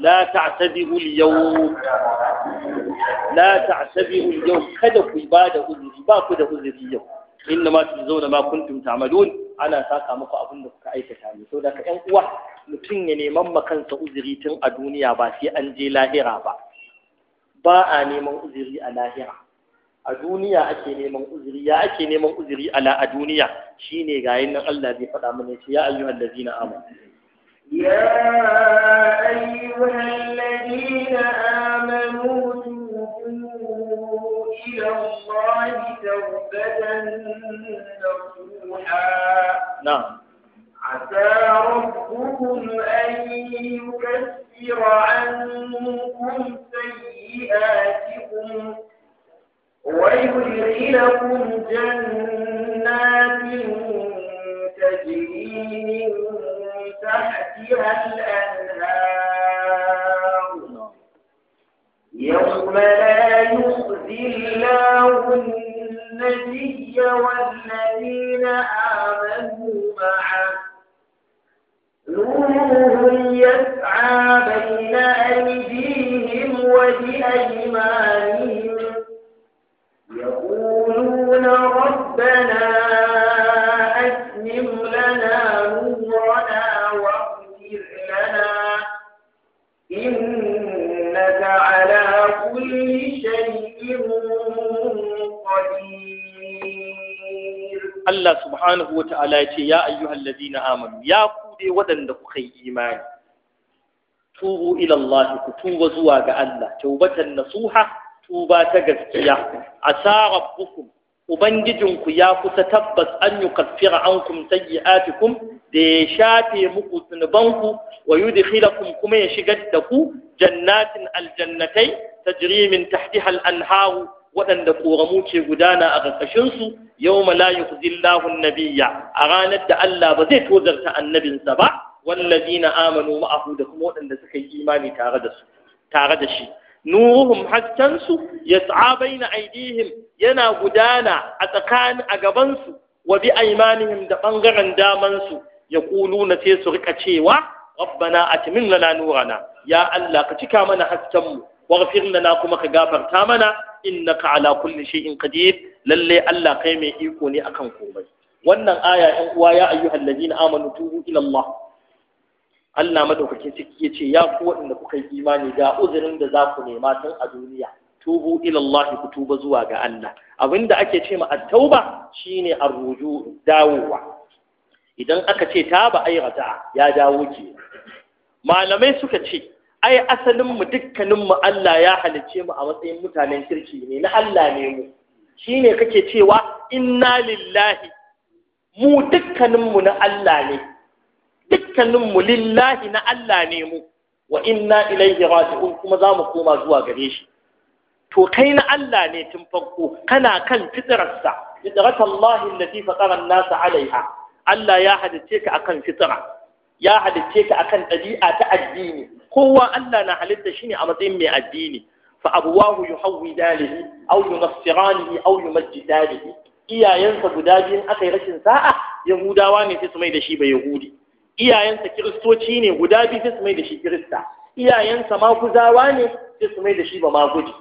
la ta'tabihu al-yawm la ta'tabihu al-yawm kada ku ba da uzuri ba ku da uzuri yau inna ma tuzuna ma kuntum ta'malun ana saka muku abin da kuka aikata ne saboda ka ƴan uwa mutum ya neman ma kansa uzuri tun a duniya ba sai an je lahira ba ba a neman uzuri a lahira a duniya ake neman uzuri ya ake neman uzuri ala a duniya shine ga yin nan Allah zai faɗa mana ya ladina amanu يا أيها الذين آمنوا توبوا إلى الله توبة نصوحا نعم عسى ربكم أن يكفر عنكم سيئاتكم ويدخلكم جنات تجري من تحتها الأنهار يوم لا يخزي الله النبي والذين آمنوا معه نورهم يسعى بين أيديهم وبأيمانهم يقولون ربنا لنا نورنا واغفر لنا إنك على كل شيء قدير الله سبحانه وتعالى يا أيها الذين آمنوا يا قولي ودن دقي إيمان توبوا إلى الله كتوبوا زواج الله توبة النصوحة توبة تجزية عسى ربكم ubangijinku ya kusa tabbas an yi kafira an kum atikun, da ya shafe muku zunubanku wa yudkhilakum kuma ya shigar da ku jannatin aljannatai tajri min tahtiha al-anharu waɗanda ƙoramu ke gudana a ƙarƙashinsu yau malayi kuzillahun nabiya a ranar da Allah ba zai tozarta annabinsa ba wallazi na amanu ma'ahu da kuma waɗanda suka yi imani tare da shi nuruhum haskensu yas'a baina aidihim yana gudana a tsakanin a gabansu wa bi aimanihim da bangaren damansu na sai su rika cewa rabbana atmin lana nurana ya Allah ka cika mana haskenmu waghfir lana kuma ka gafarta mana ka ala kulli shay'in qadir lalle Allah kai mai iko ne akan komai wannan aya ɗan uwa ya ayyuhallazina amanu tubu ila Allah Allah madaukakin ciki ya ce ya ku waɗanda kuka yi imani ga uzurin da za ku nema tun a duniya tubu ila ku tuba zuwa ga Allah abinda ake ce ma at-tauba shine ar dawowa idan aka ce taba ai rata ya dawo ke malamai suka ce ai asalin mu dukkanin mu Allah ya halice mu a matsayin mutanen kirki ne na Allah ne mu shine kake cewa inna lillahi mu dukkanin mu na Allah ne dukkanin mu lillahi na Allah ne mu wa inna ilaihi raji'un kuma za mu koma zuwa gare shi to kai na Allah ne tun farko kana kan fitrarsa fitrat Allah allati fatara an-nas 'alaiha Allah ya halice ka akan fitra ya halice ka akan ɗabi'a ta addini kowa Allah na halitta shi ne a matsayin mai addini fa abuwahu yuhawwidanihi aw yunassiranihi aw yumajjidanihi iyayensa guda biyun aka yi rashin sa'a yahudawa ne sai su mai da shi ba yahudi iyayensa kiristoci ne guda biyu sai su mai da shi kirista iyayensa makuzawa ne sai su mai da shi ba maguji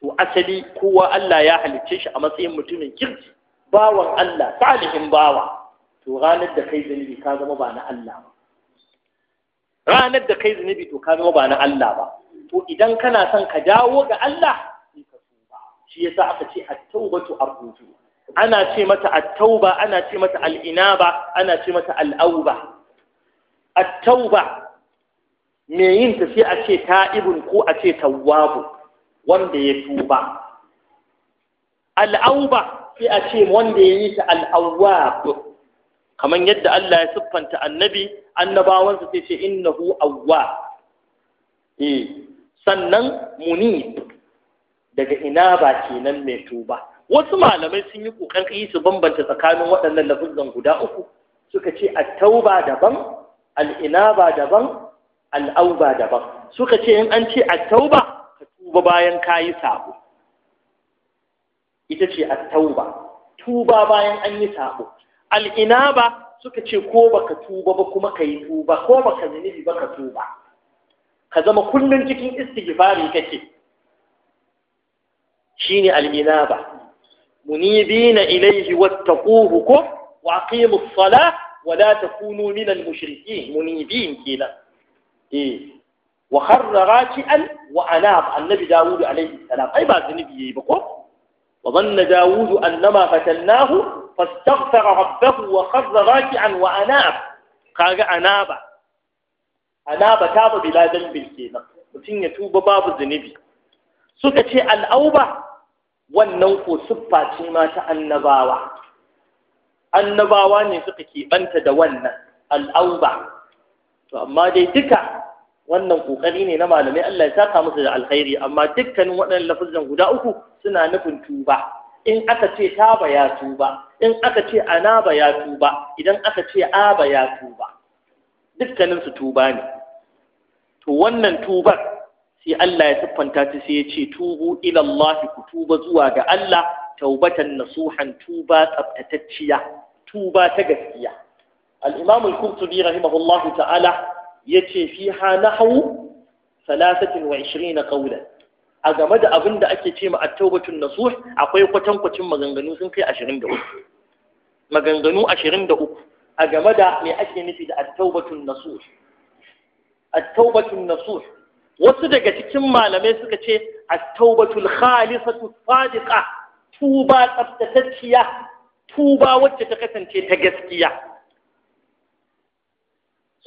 to asali kowa Allah ya halicce shi a matsayin mutumin kirki bawan Allah salihin bawa to ranar da kai zunubi ka zama ba na Allah ba ranar da kai zunubi to ka zama ba na Allah ba to idan kana son ka dawo ga Allah shi yasa aka ce at-tawbatu ar-ruju ana ce mata at ana ce mata al-inaba ana ce mata al Attauba at me yin ta sai a ce ta'ibun ko a ce tawwabu wanda ya tuba al sai a ce wanda ya yi ta al-awwab kamar yadda Allah ya siffanta annabi annabawansa sai ce innahu awwa eh sannan muni daga ina ba kenan mai tuba wasu malamai sun yi ƙoƙarƙi su bambanta tsakanin waɗannan lafuzan guda uku suka ce a tauba daban al'inaba daban al'auba daban suka ce in an ce a tauba ka tuba bayan ka yi sabo ita ce a tauba tuba bayan an yi sabo al'inaba suka ce ko baka tuba ba kuma ka yi tuba ko baka zunubi ba ka tuba ka zama kullum cikin istighfari kake shine al-inaba na ilaihi wattaquhu ko wa aqimus salah wa takunu minal mushrikin munibin kenan eh wa kharra raki'an wa anab annabi dawud alaihi salam ai ba zunubi ba ko فاستغفر ربه وخر راكعا وأناب قال أنابا أناب تاب بلا ذنب كينا mutum ya tuba babu zunubi suka ce al'auba wannan ko siffa ce ma ta annabawa annabawa ne suka keɓanta da wannan al'auba to amma dai duka wannan kokari ne na malamai Allah ya saka musu da alkhairi amma dukkanin waɗannan lafazan guda uku suna nufin tuba in aka ce taba ya tuba in aka ce anaba ya tuba idan aka ce aba ya tuba dukkanin su tuba ne to wannan tubar sai Allah ya siffanta ta sai ya ce tubu ila Allah ku tuba zuwa ga Allah taubatan nasuhan tuba tsaftatacciya tuba ta gaskiya al-Imam al-Qurtubi rahimahullahu ta'ala yace fiha nahwu 23 qawlan a game da abin da ake ce ma at-taubatun nasuh akwai kwatankwacin maganganu sun kai 23 maganganu 23 a game da me ake nufi da at-taubatun nasuh at-taubatun nasuh wasu daga cikin malamai suka ce a taubatul khalisatu sadiqa tuba tsaftatacciya tuba wacce ta kasance ta gaskiya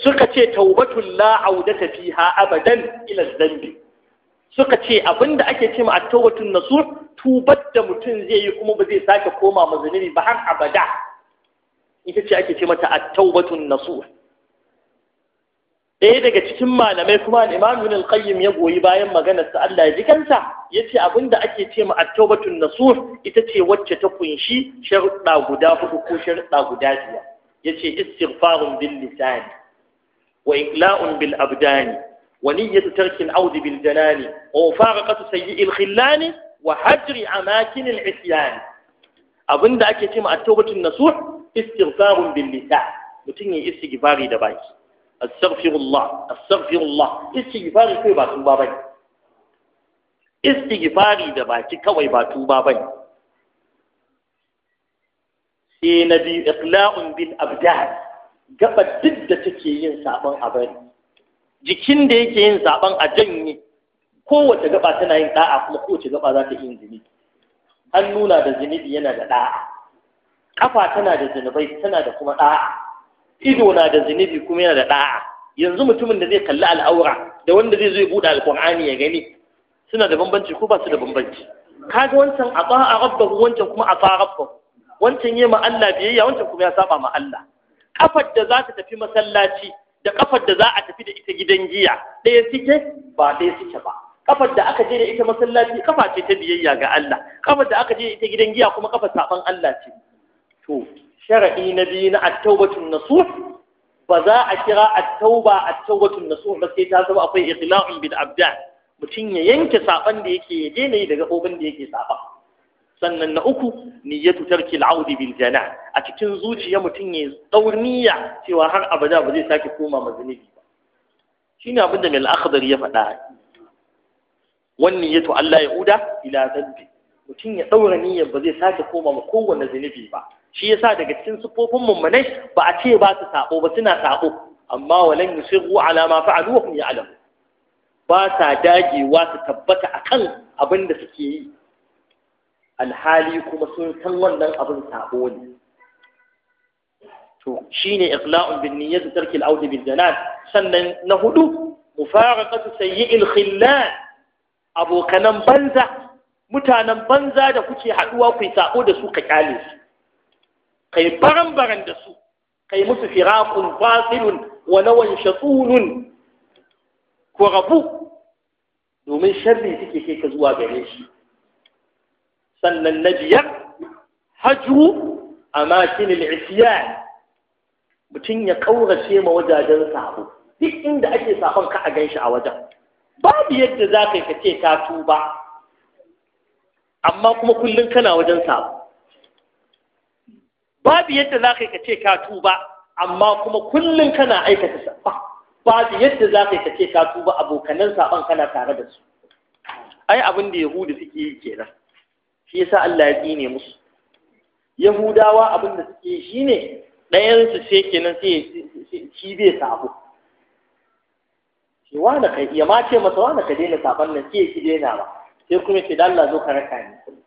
suka ce taubatul la audata fiha abadan ila dhanbi suka ce abinda ake cewa a taubatun nasur tubar da mutum zai yi kuma ba zai sake koma ma ba har abada ita ce ake ce mata a taubatun nasur ɗaya daga cikin malamai kuma al al-Qayyim ya goyi bayan maganar sa Allah ya ji kansa yace abinda ake ce ma at-taubatun ita ce wacce ta kunshi sharuɗa guda hudu ko sharuɗa guda biyar yace istighfarun bil lisan wa iqla'un bil abdan wa niyyatu tarki al bil janan wa mufaraqatu sayyi al wa hajri amakin al-isyan abinda ake ce ma at-taubatun nasuh istighfarun bil lisan mutum ya istighfari da baki astaghfirullah astaghfirullah istighfari kai ba tuba bane istighfari da baki kawai ba tuba bane sai na biyu iqla'un bil abdan gaba duk da take yin sabon abin jikin da yake yin sabon a janye kowace gaba tana yin da'a kuma kowace gaba za ta yin zinubi an nuna da zinubi yana da da'a kafa tana da zunubai tana da kuma da'a ido na da zinubi kuma yana da da'a yanzu mutumin da zai kalli al'aura da wanda zai zo ya buɗe alƙur'ani ya gani suna da bambanci ko ba su da bambanci kaga wancan a ba a rabbahu wancan kuma a fa rabba wancan yi ma Allah biyayya wancan kuma ya saba ma Allah kafar da za ta tafi masallaci da kafar da za a tafi da ita gidan giya ɗaya suke ba ɗaya suke ba kafar da aka je da ita masallaci kafa ce ta biyayya ga Allah kafar da aka je da ita gidan giya kuma kafa saban Allah ce to shara'i na biyu na attaubatun Nasu, ba za a kira Attauba attaubatun Nasu. ba sai ta zama akwai iqla'un bil abdan mutum ya yanke saban da yake ya daina yi daga obin da yake saba sannan na uku niyyatu tarki al bin bil jana a cikin zuciya mutum ya daur niyya cewa har abada ba zai sake koma mazunubi ba shine abin da mai akhdari ya faɗa Wani niyyatu Allah ya uda ila dhanbi mutum ya daura niyyar ba zai sake koma ma kowanne zunubi ba shi yasa daga cikin siffofin mummunai ba a ce ba su sabo ba suna sabo amma walan yusiru ala ma fa'alu wa hum ya'lam ba sa dagewa su tabbata akan abin da suke yi alhali kuma sun san wannan abin sabo ne to shine iqla'un bin niyyati tarki al-awd bil janan sannan na hudu mufaraqatu sayyi'il khillan abokanan banza mutanen banza da kuke haduwa ku sabo da su ka kyale su kai baran baran da su kai musu firaqun fasilun wa lawan shatulun ko rabu domin sharri suke kai ka zuwa gare shi sannan na biyar haju a makinin isiyan mutum ya ƙaurace ma wajajen sabo duk inda ake sabon ka a ganshi a wajen babu yadda za ka ka ce ka tuba amma kuma kullum kana wajen sabo babu yadda za ka yi ce ka tuba amma kuma kullum kana aikata saɓa babu yadda za ka yi ce ka tuba abokanan saɓan kana tare da su ai abin da yahudu suke yi kenan shi yasa Allah ya tsine musu yahudawa abin da suke yi shine ɗayan su ce kenan sai shi bai sabo wanda kai ya ma ce masa wani ka daina saban nan sai ki daina ba sai kuma ce da Allah zo ka raka ni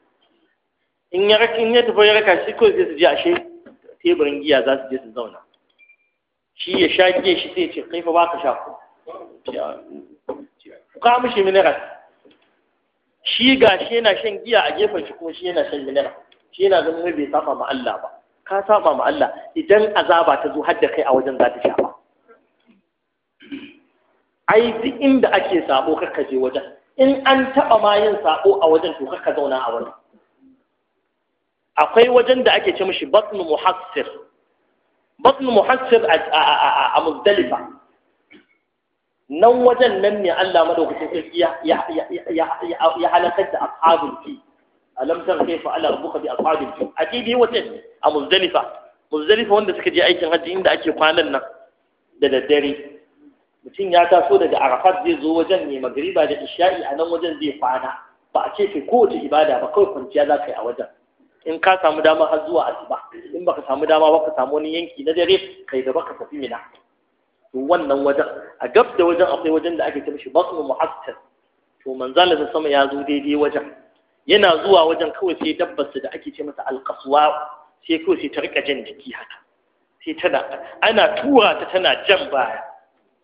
in ya raka in ya tafi ya raka shi kawai sai su je ashe teburin giya za su je su zauna shi ya sha giya shi sai ce kai fa ba ka sha ku ka mishi mineral shi ga shi yana shan giya a gefen shi kuma shi yana shan mineral shi yana zama mai bai saba ma Allah ba ka saba ma Allah idan azaba ta zo har da kai a wajen za ta sha ba ai duk inda ake sabo kakka je wajen in an taba ma yin sabo a wajen to kakka zauna a wajen akwai wajen da ake ce mishi batnu muhassir batnu muhassir a muzdalifa nan wajen nan ne Allah madaukakin sarki ya ya halakar da ashabul fi alam tar kayfa ala rabbuka bi ashabul fi a dai wajen a muzdalifa muzdalifa wanda suka je aikin hajji inda ake kwanan nan da daddare mutum ya taso daga arafat zai zo wajen ne magriba da isha'i a nan wajen zai kwana ba a ce kai kowace ibada ba kawai kwanciya za ka yi a wajen in ka samu dama har zuwa asuba in baka samu dama baka samu wani yanki na dare kai da baka tafi mina to wannan wajen a gab da wajen akwai wajen da ake tabbashi basu muhassar to manzala ta sama ya zo daidai wajen yana zuwa wajen kawai sai dabbarsa da ake ce mata alkasuwa sai kawai sai ta rika jan jiki haka sai tana ana tura ta tana jan baya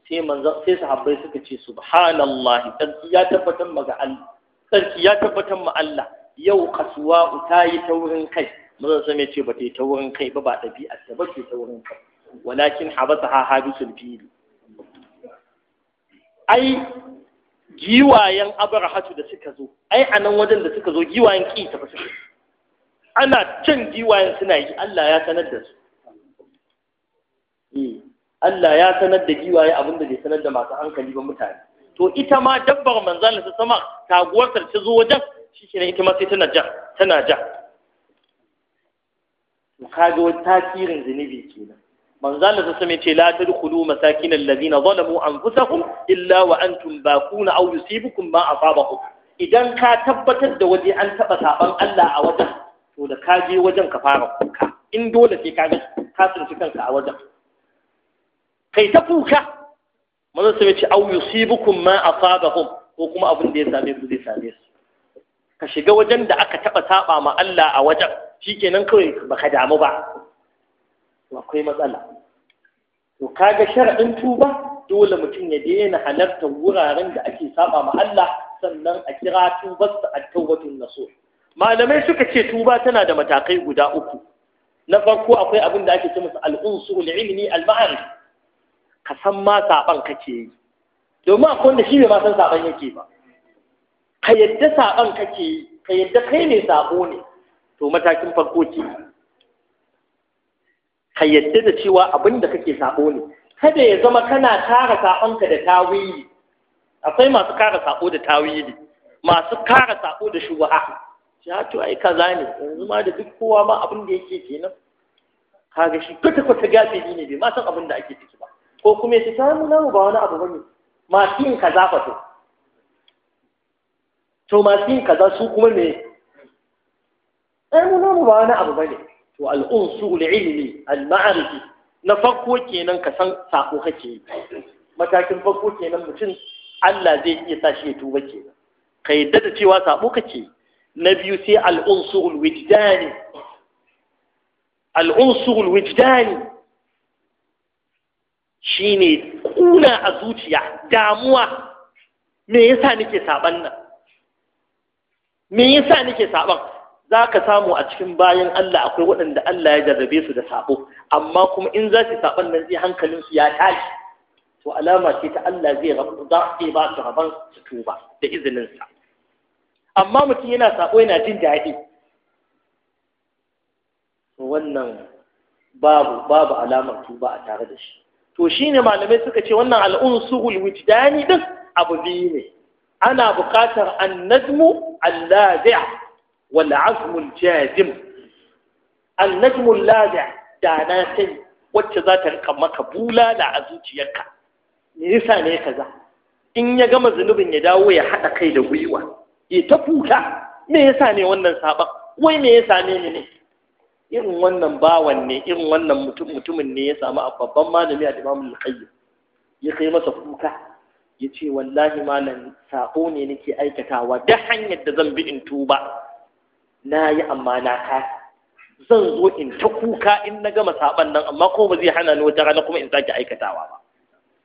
sai manzo sai sahabbai suka ce subhanallahi tsarki ya tabbatar ma ga Allah Sarki ya tabbatar ma Allah yau kasuwa ta yi taurin kai mazan sun ce ba ta yi taurin kai ba ba ɗabi'a ta ba ce taurin kai walakin habata ha habisul fili ai giwayen abarahatu da suka zo ai a nan wajen da suka zo giwayen ƙi ta suka ana can giwayen suna yi Allah ya sanar da su eh, Allah ya sanar da giwaye abin da bai sanar da masu hankali ba mutane to ita ma dabbar manzalin sama taguwar ta zo wajen shi kenan ita ma sai tana ja tana ja to kaga wani tasirin zunubi kenan manzo Allah sai sai ce la tadkhulu masakin alladhina zalamu anfusahum illa wa antum bakuna aw yusibukum ma asabakum idan ka tabbatar da waje an taba saban Allah a wajen to da ka je wajen ka fara kuka in dole sai ka ka tsinci kanka a wajen kai ta kuka manzo sai ce aw yusibukum ma asabahum ko kuma abin da ya same su zai same su ka shiga wajen da aka taɓa saɓa ma Allah a wajen nan kawai ba ka damu ba akwai matsala to kaga sharaɗin tuba dole mutum ya daina halartar wuraren da ake saba ma Allah sannan a kira tubarsa a tawbatun naso malamai suka ce tuba tana da matakai guda uku na farko akwai abin da ake ce masa al'unsu ilmi al-ma'arif ka san ma saban kake yi domin akwai wanda shi ne ma san saban yake ba ka yadda saɓon kake yi ka yadda kai ne saɓo ne to matakin farko ce ka yadda da cewa abin da kake saɓo ne kada ya zama kana kara saɓonka da tawili akwai masu kara saɓo da tawili masu kara saɓo da shi ya to ai kaza ne yanzu ma da duk kowa ma abin da yake kenan ga shi kwata kwata gafili ne bai ma san abin da ake ciki ba ko kuma ya ce ta nuna ba wani abu bane masu yin kaza fa to to masu yin kaza su kuma me ai mu ba wani abu bane to al'unsu ilmi al-ma'arifi na farko kenan ka san sako kake yi matakin farko kenan mutum Allah zai iya sa shi ya tuba kenan ka yadda da cewa sako kake na biyu sai al'unsu al al'unsu al shine kuna a zuciya damuwa me yasa nake saban nan me yasa nake saban za ka samu a cikin bayan Allah akwai waɗanda Allah ya jarrabe su da sabo amma kuma in za su saban nan zai hankalin su ya tashi to alama ce ta Allah zai rabu za su ba su rabon su tuba da izinin sa amma mutum yana sabo yana jin daɗi wannan babu babu alamar tuba a tare da shi to shine malamai suka ce wannan al'unsuhul wujdani din abu biyu ne ana buƙatar annajmu allazi' wal azmu jazim annajmu allazi' da na sani wacce za ta rika maka bulala a zuciyarka me yasa ne kaza in ya gama zunubin ya dawo ya haɗa kai da gwiwa ya ta futa me yasa ne wannan saban wai me yasa ne ne irin wannan bawan ne irin wannan mutum mutumin ne ya samu a babban malami a Imam al ya kai masa kuka ya ce wallahi malam saƙo ne nake aikatawa da hanyar da zan bi in tuba na yi amma na kasa zan zo in ta kuka in na gama saɓan nan amma ko ba zai hana ni wata rana kuma in sake aikatawa ba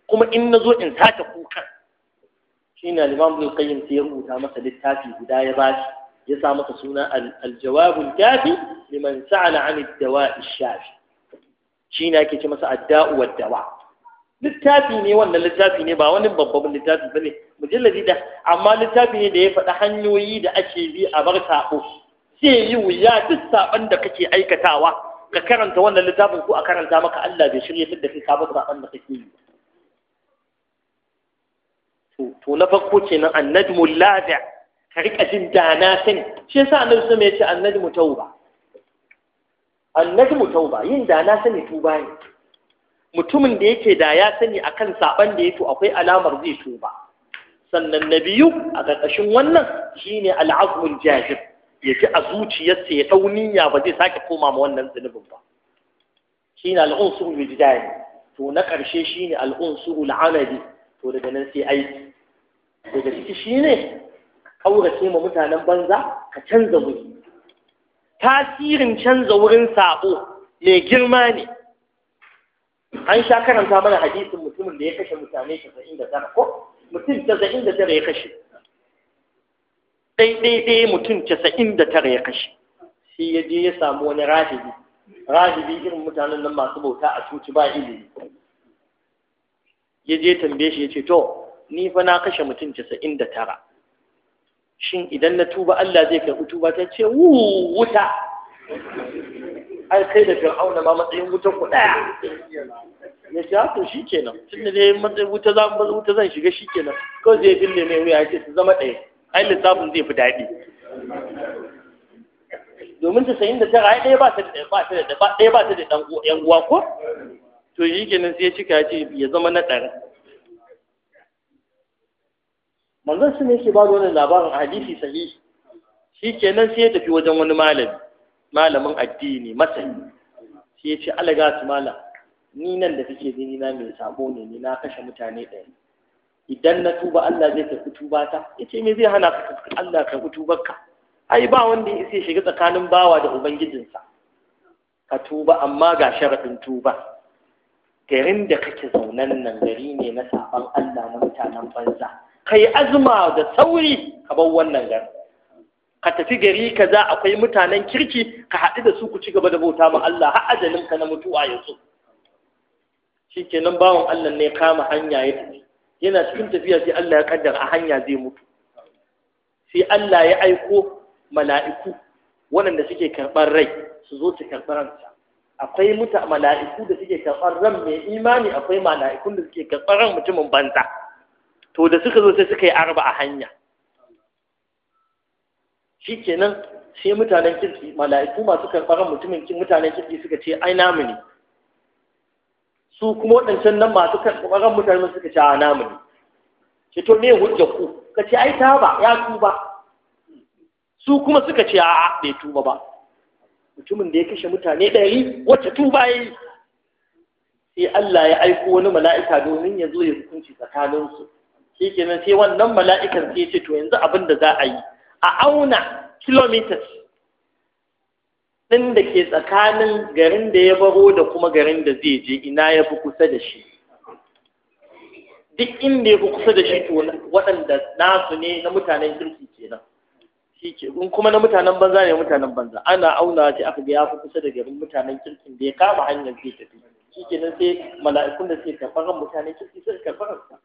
kuma in na zo in sake kuka shi ne alimam bin sai ya rubuta masa littafi guda ya bashi ya sa masa suna aljawabul kafi liman sa'ala an ad-dawa'i shafi shi ne ake ce masa ad wad-dawa' littafi ne wannan littafi ne ba wani babban littafi bane mujalladi da amma littafi ne da ya faɗa hanyoyi da ake bi a bar sabo sai yi wuya duk saban da kake aikatawa ka karanta wannan littafin ko a karanta maka Allah bai shirye da kai ka saban da kake yi to to na farko kenan annajmu lafi ka rika jin dana sani shi yasa annabi sallallahu ya ce annajmu tauba annajmu tauba yin dana sani tuba ne mutumin da yake da ya sani akan saɓan da ya to akwai alamar zai ba sannan na biyu a ƙarƙashin wannan shine al'azumin jahil ya ji a zuciyarsa ya ɗau niyya ba zai sake koma ma wannan zunubin ba Shi shine ji wijdan to na ƙarshe shi ne al'unsuru amali to daga nan sai aiki daga ciki shine kaurace ma mutanen banza ka canza wuri tasirin canza wurin saɓo mai girma ne an sha karanta mana hadisin mutumin da ya kashe mutane casa'in da tara ko mutum casa'in da tara ya kashe ɗaiɗaiɗai mutum casa'in da tara ya kashe shi ya je ya samu wani rahibi rahibi irin mutanen nan masu bauta a cuci ba ilimi ya je tambaye shi ya ce to ni fa na kashe mutum casa'in da tara shin idan na tuba Allah zai karɓi tuba ta ce wuta ai kai da fir'auna ma matsayin wutar ku daya ya ce haka ah, shi kenan tun da dai matsayin wuta wuta zan shiga shi kenan kawai zai binne mai wuya ake ce su zama ɗaya ai lissafin zai fi daɗi domin ta sayin da tara ai ɗaya ba ta da ɗaya ba ta da ɗan uwa ko to shi kenan sai ya cika ya ce ya zama na ɗari manzon su ne ke ba da wannan labarin hadisi sahihi shi kenan sai ya tafi wajen wani malami malamin addini masani shi ya ce alaga su mala ni nan da kake gani na mai sabo ne ni na kashe mutane ɗaya idan na tuba Allah zai tafi tuba ta yace me zai hana ka Allah ka tafi tubarka ai ba wanda ya isa shiga tsakanin bawa da ubangijinsa ka tuba amma ga sharadin tuba garin da kake zaunan nan gari ne na saban Allah na mutanen banza kai azuma da sauri ka bar wannan garin ka tafi gari ka za akwai mutanen kirki ka haɗu da su ku ci gaba da bauta ma Allah har ajalin ka na mutuwa yanzu shikenan bawan Allah ne kama hanya ya tafi yana cikin tafiya sai Allah ya kaddara a hanya zai mutu sai Allah ya aiko mala'iku waɗanda suke karɓar rai su zo su karɓar ransa akwai muta mala'iku da suke karɓar ran mai imani akwai mala'ikun da suke karɓar ran mutumin banza to da suka zo sai suka yi arba a hanya shikenan sai mutanen kirki mala'iku masu karɓar mutumin mutanen kirki suka ce ai namu ne su kuma waɗancan nan masu karɓar mutane suka ce a namu ne ce to ne hujja ku ka ce ai ta ba ya tuba su kuma suka ce a'a bai tuba ba mutumin da ya kashe mutane ɗari wacce tuba ya yi sai Allah ya aiko wani mala'ika domin ya zo ya hukunci tsakaninsu shi kenan sai wannan mala'ikan sai ya ce to yanzu abin da za a yi a auna kilomitas ɗin da ke tsakanin garin da ya baro da kuma garin da zai je ina ya fi kusa da shi duk inda ya fi kusa da shi tona waɗanda nasu ne na mutanen kirki kenan shi ke in kuma na mutanen banza ne mutanen banza ana auna ce aka ga ya fi kusa da garin mutanen kirkin da ya kama hanyar zai tafi shi ke nan sai mala'ikun da sai karɓar mutanen kirki sai karɓar sa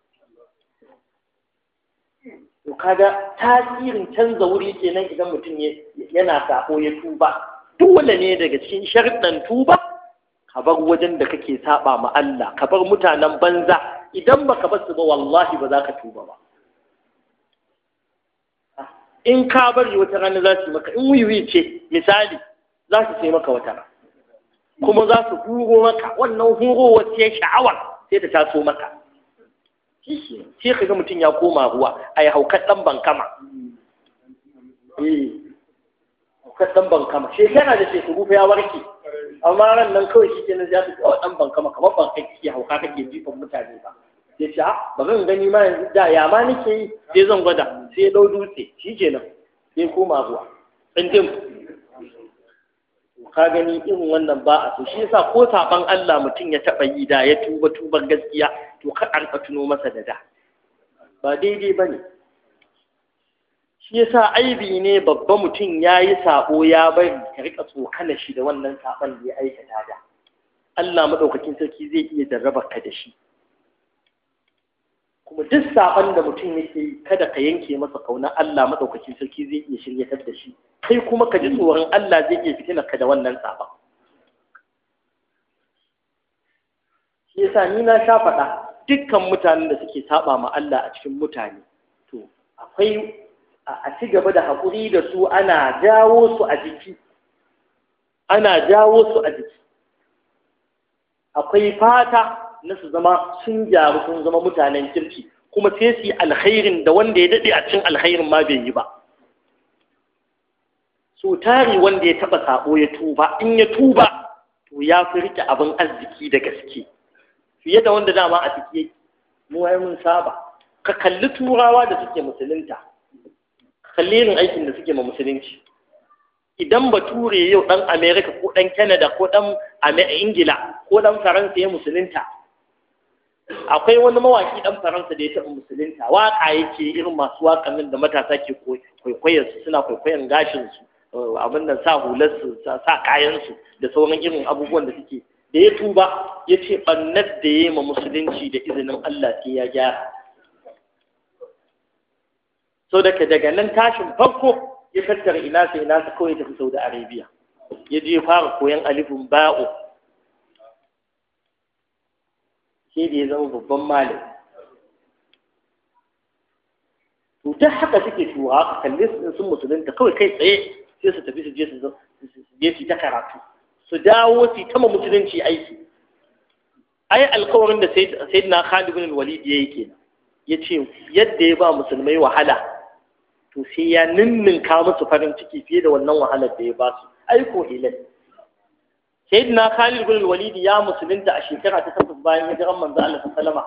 to kaga tasirin canza wuri kenan idan mutum yana sako ya tuba dole ne daga cikin sharɗan tuba ka bar wajen da kake saɓa ma Allah ka bar mutanen banza idan baka bar su ba wallahi ba za ka tuba ba in ka bari wata rana za su maka in wiwi ce misali za su sai maka wata kuma za su huro maka wannan hurowar sai sha'awar sai ta taso maka sai ka ga mutum ya koma ruwa a yi haukar eh, ɗan bankama shekara da shekaru fa ya warke amma ran nan kawai shi kenan ya fi kawai ɗan bankama kamar ban ke hauka kake jifan mutane ba ya ce ah, ba zan gani ma yanzu da ya ma nake yi sai zan gwada sai ya ɗau dutse shi kenan sai koma ruwa ɗin ka gani irin wannan ba a so shi yasa ko saban Allah mutum ya taba yi da ya tuba tuban gaskiya to ka arka tuno masa da da ba daidai bane shi yasa aibi ne babba mutum ya yi sabo ya bari ka rika tsokana shi da wannan saban da ya aikata da Allah madaukakin sarki zai iya jarraba ka da shi kuma duk saban da mutum yake yi kada ka yanke masa kauna Allah madaukakin sarki zai iya shiryatar da shi kai kuma ka ji tsoron Allah zai iya fitina ka da wannan saban shi yasa ni na sha faɗa dukkan mutanen da suke saba ma Allah a cikin mutane to akwai a ci gaba da haƙuri da su ana jawo su a jiki ana jawo su a jiki akwai fata na su zama sun gyaru sun zama mutanen kirki kuma sai su yi alkhairin da wanda ya daɗe a cin alkhairin ma bai yi ba so tari wanda ya taɓa saɓo ya tuba in ya tuba to ya fi rike abin arziki da gaske fiye da wanda dama a ciki yake mu mun saba ka kalli turawa da suke musulunta kalli irin aikin da suke ma musulunci idan ba ture yau ɗan amerika ko ɗan canada ko ɗan ingila ko ɗan faransa ya musulunta akwai wani mawaki dan faransa da ya taɓa musulunta waka yake irin masu nan da matasa ke kwaikwayar su suna kwaikwayan gashin su eh, abin da sa hular su sa kayan su da sauran irin abubuwan da suke da ya tuba ya ce ɓannar da ya ma musulunci da izinin Allah sai ya gyara so daga daga nan tashin farko ya tattara ina sai ina kawai tafi Saudi Arabia ya je fara koyan alifin ba'u sai da ya zama babban malami to haka suke tuwa a kalle su sun musulunta kawai kai tsaye sai su tafi su je su je su ta karatu su dawo su yi tama musulunci aiki ai alkawarin da sayyidina Khalid bin Walid yayi kenan yace yadda ya ba musulmai wahala to sai ya ninninka musu farin ciki fiye da wannan wahalar da ya ba su ai ko hilal sayyidina Khalid bin Walid ya musulunta a shekara ta takwas bayan hijiran manzo Allah sallama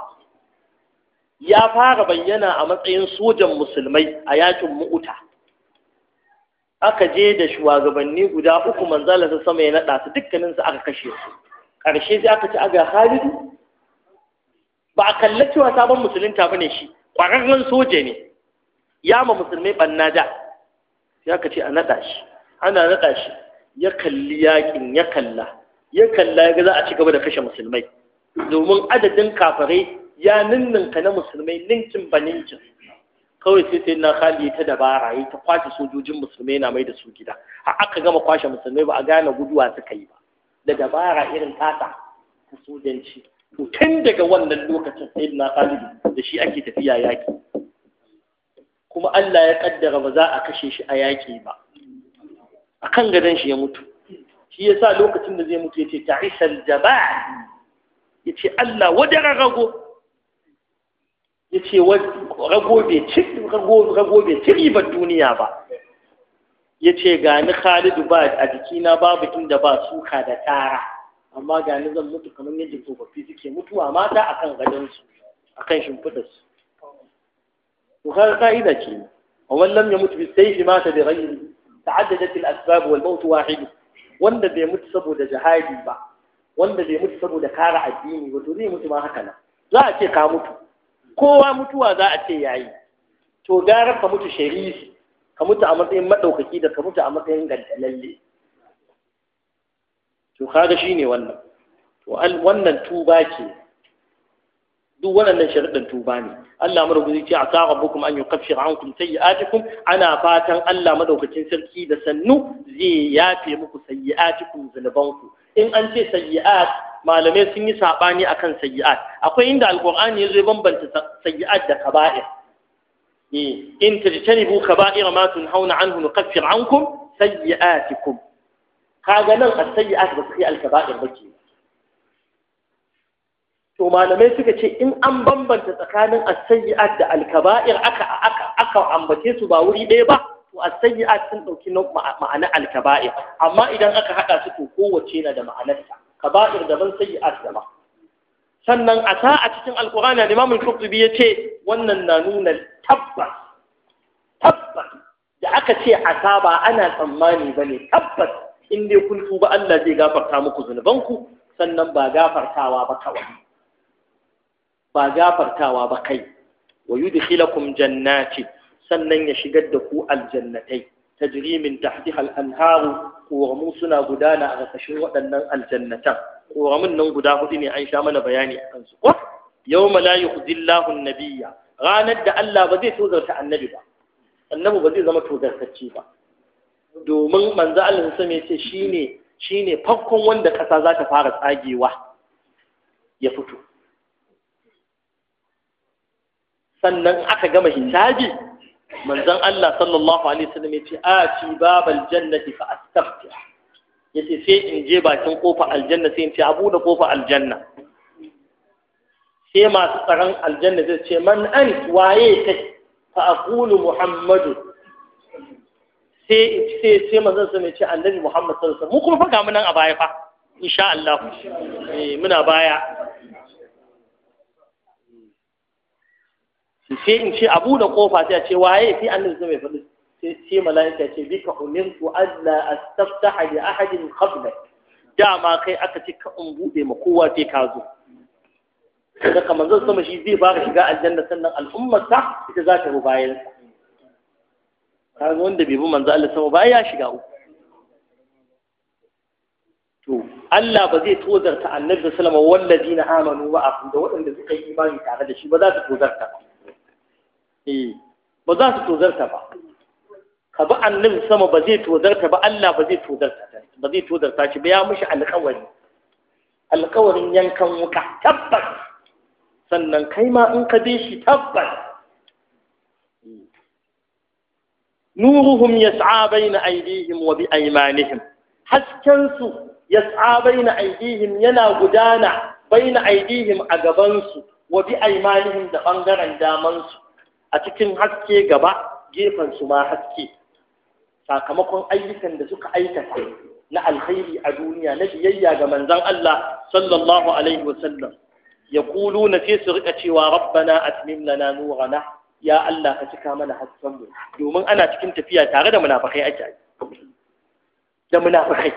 ya fara bayyana a matsayin sojan musulmai a yakin Mu'uta aka je da shugabanni guda uku manzo Allah sallama ya nada su dukkanin su aka kashe su karshe sai aka ci aga Khalid ba a kalla cewa sabon musulunta bane shi kwararren soja ne ya ma musulmai banna da sai aka ce a nada shi ana nada shi ya kalli yakin ya kalla ya kalla ya ga za a ci gaba da kashe musulmai domin adadin kafirai ya ninninka na musulmai ninkin ba ninkin kawai sai sai na khali ta dabara yi ta kwashe sojojin musulmai na mai da su gida a aka gama kwashe musulmai ba a gane guduwa suka yi ba da dabara irin tata ta sojanci tun daga wannan lokacin sai na khali da shi ake tafiya yaki kuma Allah ya kaddara ba za a kashe shi a yaki ba a kan gadon shi ya mutu shi ya sa lokacin da zai mutu ya ce ta'isar jaba ya ce Allah wadda rago ya ce rago bai ci ribar duniya ba ya ce gani khalidu ba a jikina babu inda ba suka da tara amma gani zan mutu kamar yadda tsofaffi suke mutuwa mata akan gadonsu akan shimfidarsu to kaga ka'ida ce wa man lam yamut bi shi mata da rayu تعددت الأسباب والموت واحد wanda bai mutu saboda jihadi ba wanda bai mutu saboda kare addini wato zai mutu ma haka nan za ce ka mutu kowa mutuwa za a ce yayi to gara ka mutu sharifi ka mutu a matsayin madaukaki da ka mutu a matsayin gantalalle to kaga shine wannan to wannan tuba ce duk waɗannan sharuɗin tuba ne Allah madaukaki ce a sa rabbukum an yukaffir ankum sayyi'atikum ana fatan Allah madaukakin sarki da sannu zai yafe muku sayyi'atikum zunubanku in an ce sayyi'at malamai sun yi sabani akan sayyi'at akwai inda alqur'ani ya bambanta sayyi'at da kaba'ir eh, in tajtanibu kaba'ira ma tunhauna anhu nukaffir ankum sayyi'atikum kaga nan as-sayyi'at ba su kai al-kaba'ir ba to malamai suka ce in an bambanta tsakanin as da alkaba'ir aka aka aka ambace su ba wuri ɗaya ba to as sun ɗauki ma'ana alkaba'ir. amma idan aka haɗa su to kowace na da ma'anarta kaba'ir daban sayyi'at daban sannan a ta a cikin alkur'ani da imam al ya ce, wannan na nuna tabbas tabbas da aka ce asa ba ana tsammani ba ne. tabbas in dai kun tuba Allah zai gafarta muku zunubanku sannan ba gafartawa ba kawai ba gafartawa ba kai wa yudkhilakum jannaci sannan ya shigar da ku aljannatai Ta-jirimin tahtiha al-anharu ƙoramu suna gudana a ƙarƙashin waɗannan aljannatan Ƙoramun nan guda hudu ne an sha mana bayani a kansu ko yau ma la yuhdillahu nabiyya ranar da Allah ba zai tozarta annabi ba annabi ba zai zama tozartacce ba domin manzo Allah sai ya ce shine shine farkon wanda ƙasa za ta fara tsagewa ya fito sannan aka gama hisabi manzon Allah sallallahu alaihi wasallam ya ce ati babal jannati fa astafti yace sai in je bakin kofa aljanna sai in ce abu da kofa aljanna sai masu tsaron aljanna zai ce man an waye kai fa aqulu muhammadu sai sai sai manzon sai ce annabi muhammad sallallahu alaihi wasallam mu kuma fa ga mu nan a baya fa insha Allah eh, muna baya sai in ce abu da kofa sai a ce waye sai annabi sai mai faɗi sai mala'ika ce bika umirtu alla astaftaha li ahadin qablak dama kai aka ce ka in bude ma kowa sai ka zo da kamar zan sama shi zai fara shiga aljanna sannan ta ita za ta rubayar bayan kaga wanda bai bi manzo Allah sama ba ya shiga uku to Allah ba zai tozarta annabi sallallahu alaihi wasallam wallazina amanu wa da waɗanda suka yi imani tare da shi ba za su tozarta ba eh ba za su tozarta ba ka bi annabi sama ba zai tozarta ba Allah ba zai tozarta ba zai tozarta shi ba ya mishi alƙawari alƙawarin yankan wuka tabbas sannan kai ma in ka bi shi tabbas nuruhum yas'a baina aydihim wa bi aymanihim hasken su yas'a baina aydihim yana gudana baina aydihim a gaban su wa bi aymanihim da bangaren daman su a cikin haske gaba gefen su ma haske sakamakon ayyukan da suka aikata na alkhairi a duniya na biyayya ga manzon Allah sallallahu alaihi wasallam yaquluna sai su rika cewa rabbana atmim lana nurana ya Allah ka cika mana hasken mu domin ana cikin tafiya tare da munafikai ake da munafikai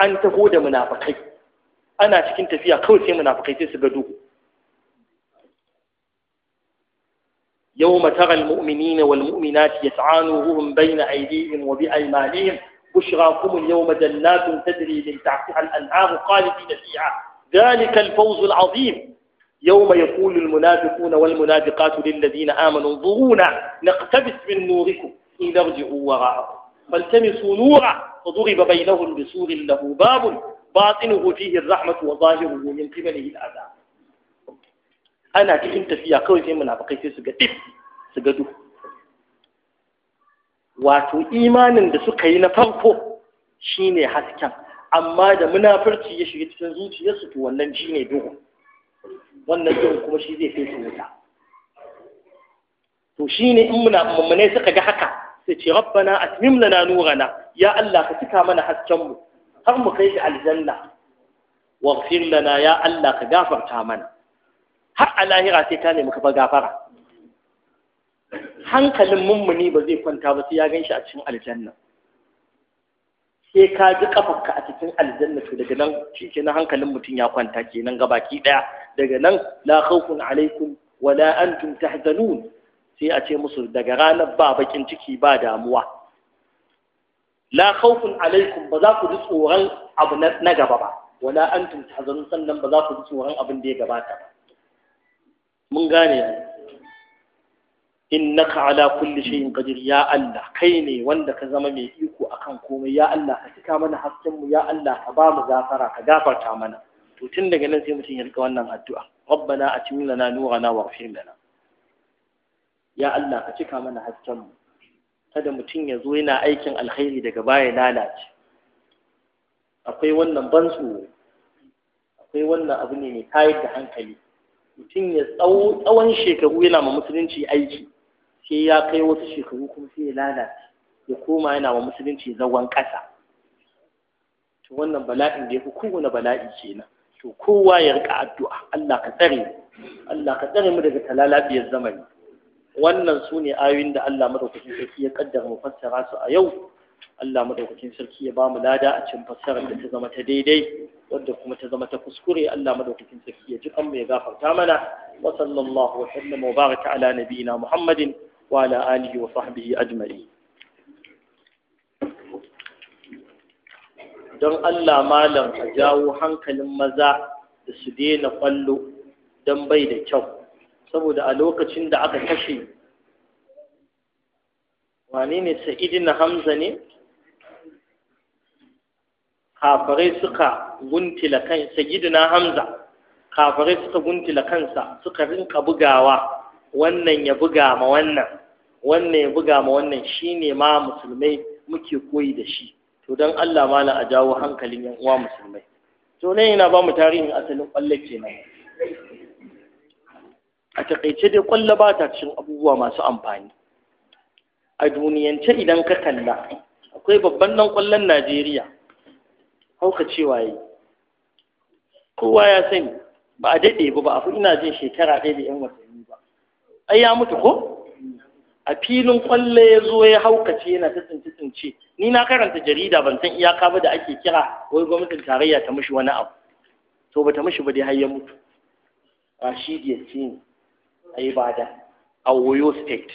an taho da munafikai ana cikin tafiya kawai sai munafikai sai su ga duhu يوم ترى المؤمنين والمؤمنات يسعى نورهم بين أيديهم وبأيمانهم بشراكم اليوم جنات تدري من تحتها الأنهار خالدين فيها ذلك الفوز العظيم يوم يقول المنافقون والمنافقات للذين آمنوا انظرونا نقتبس من نوركم قيل ارجعوا وراءكم فالتمسوا نورا فضرب بينهم بسور له باب باطنه فيه الرحمة وظاهره من قبله العذاب ana cikin tafiya kawai sai munafikai sai su ga dip su ga duhu wato imanin da suka yi na farko shine hasken amma da munafurci ya shiga cikin zuciyarsu to wannan shine duhu wannan duhu kuma shi zai kai wuta to shine in muna mummune suka ga haka sai ce rabbana atmim lana nurana ya Allah ka cika mana hasken mu har mu kai ga aljanna waghfir lana ya Allah ka gafarta mana har a lahira sai ta nemi kafa gafara hankalin mummuni ba zai kwanta ba sai ya gan shi a cikin aljanna sai ka ji kafarka a cikin aljanna to daga nan cike na hankalin mutum ya kwanta kenan gabaki daya daga nan la khawfun alaikum la antum tahzanun sai a ce musu daga ranar ba bakin ciki ba damuwa la khawfun alaikum ba za ku ji tsoron abu na gaba ba wala antum tahzanun sannan ba za ku ji tsoron abin da ya gabata ba mun gane innaka ala kulli shay'in qadir ya Allah kai ne wanda ka zama mai iko akan komai ya Allah ka cika mana hasken mu ya Allah ka ba mu gafara ka gafarta mana to tun daga nan sai mutum ya rika wannan addu'a rabbana atim lana nurana waghfir lana ya Allah ka cika mana hasken mu kada mutum ya zo yana aikin alkhairi daga baya lalace akwai wannan bantsu akwai wannan abu ne mai tayar da hankali mutum ya tsawon shekaru yana ma musulunci aiki sai ya kai wasu shekaru kuma sai ya lalace ya koma yana ma musulunci zagon ƙasa to wannan bala'in da ya fi kowane bala'i kenan to kowa ya rika addu'a Allah ka tsare Allah ka tsare mu daga talalafiyar zamani wannan su ne ayoyin da Allah madaukakin sarki ya kaddara mu fassara su a yau Allah madaukakin sarki ya bamu lada a cikin fassarar da ta zama ta daidai wadda kuma ta zama ta kuskure Allah madaukakin sarki ya ji kan ya gafarta mana wa sallallahu wa sallam wa baraka ala nabiyina Muhammadin wa ala alihi wa sahbihi ajma'in don Allah malam a jawo hankalin maza da su daina kwallo don bai da kyau saboda a lokacin da aka kashe wani ne na hamza ne kafirai suka guntila kan na hamza kafirai suka guntila kansa suka rinka bugawa wannan ya buga ma wannan wannan ya buga ma wannan shine ma musulmai muke koyi da shi to don Allah mala a jawo hankalin yan uwa musulmai to nan yana ba mu tarihin asalin kwallo kenan a takaice dai kwallo ba ta cikin abubuwa masu amfani a duniyance idan ka kalla akwai babban ɗan kwallon najeriya hauka cewa yi kowa ya sani ba a daɗe ba ba a fi ina jin shekara ɗaya da yan watanni ba ai ya mutu ko a filin kwallo ya zo ya haukace yana ta tsince ni na karanta jarida ban san iyaka ba da ake kira wai gwamnatin tarayya ta mishi wani abu to ba ta mishi ba dai har ya mutu rashidi ya ce a da. a oyo state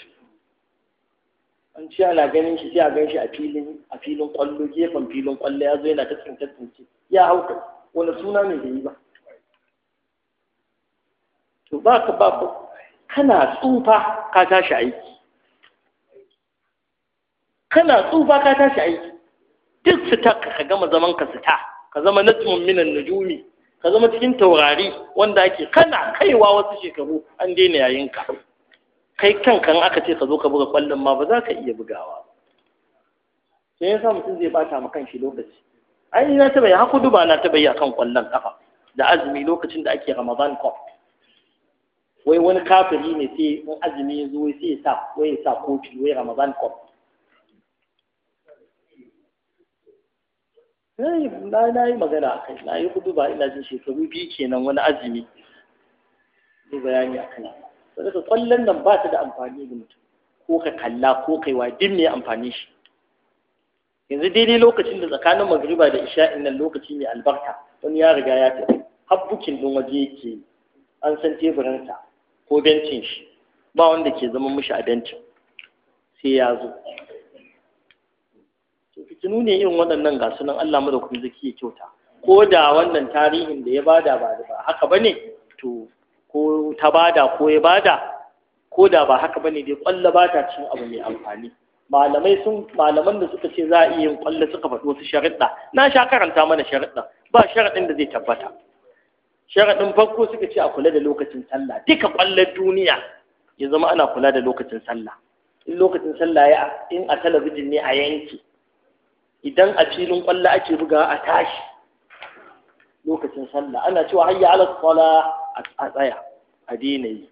an ce ana ganin shi sai a gan shi a filin a filin kwallo gefen filin kwallo ya zo yana ta tsince ya hauka wani suna ne da yi ba to ba ka ba kana tsufa ka tashi aiki kana tsufa ka tashi aiki duk ta ka gama zaman ka ta ka zama najmun minan nujumi ka zama cikin taurari wanda ake kana kaiwa wasu shekaru an daina yayin ka kai kankan aka ce ka zo ka buga kwallon ma ba za ka iya bugawa sai ya sa mutum zai bata ma kanshi lokaci ai na taba yi haku duba na taba yi kan kwallon kafa da azumi lokacin da ake Ramadan cup wai wani kafiri ne sai in azumi ya zo sai ya sa wai ya sa kofi wai Ramadan cup na na yi magana a kai na yi kudu ba ina jin shekaru biyu kenan wani azumi zai bayani a kai ka kwallon nan ba ta da amfani ga mutum ko ka kalla ko kai wa din ne amfani shi yanzu daidai lokacin da tsakanin magriba da in nan lokaci mai albarka wani ya riga ya tafi habbukin ɗin waje yake an san sa ko bencin shi ba wanda ke zama mishi a bencin sai ya zo fitinu ne irin waɗannan ga sunan Allah madaukakin zaki ya kyauta ko da wannan tarihin da ya bada ba da ba haka bane ta bada ko ya bada ko da ba haka bane dai kwalla ba ta cin abu mai amfani malamai sun malaman da suka ce za a iya yin kwalla suka faɗi wasu sharuɗa na sha karanta mana sharaɗa ba sharaɗin da zai tabbata sharaɗin farko suka ce a kula da lokacin sallah duka kwallon duniya ya zama ana kula da lokacin sallah in lokacin sallah ya in a talabijin ne a yanki idan a filin kwallo ake buga a tashi lokacin sallah ana cewa hayya ala sala a tsaya a yi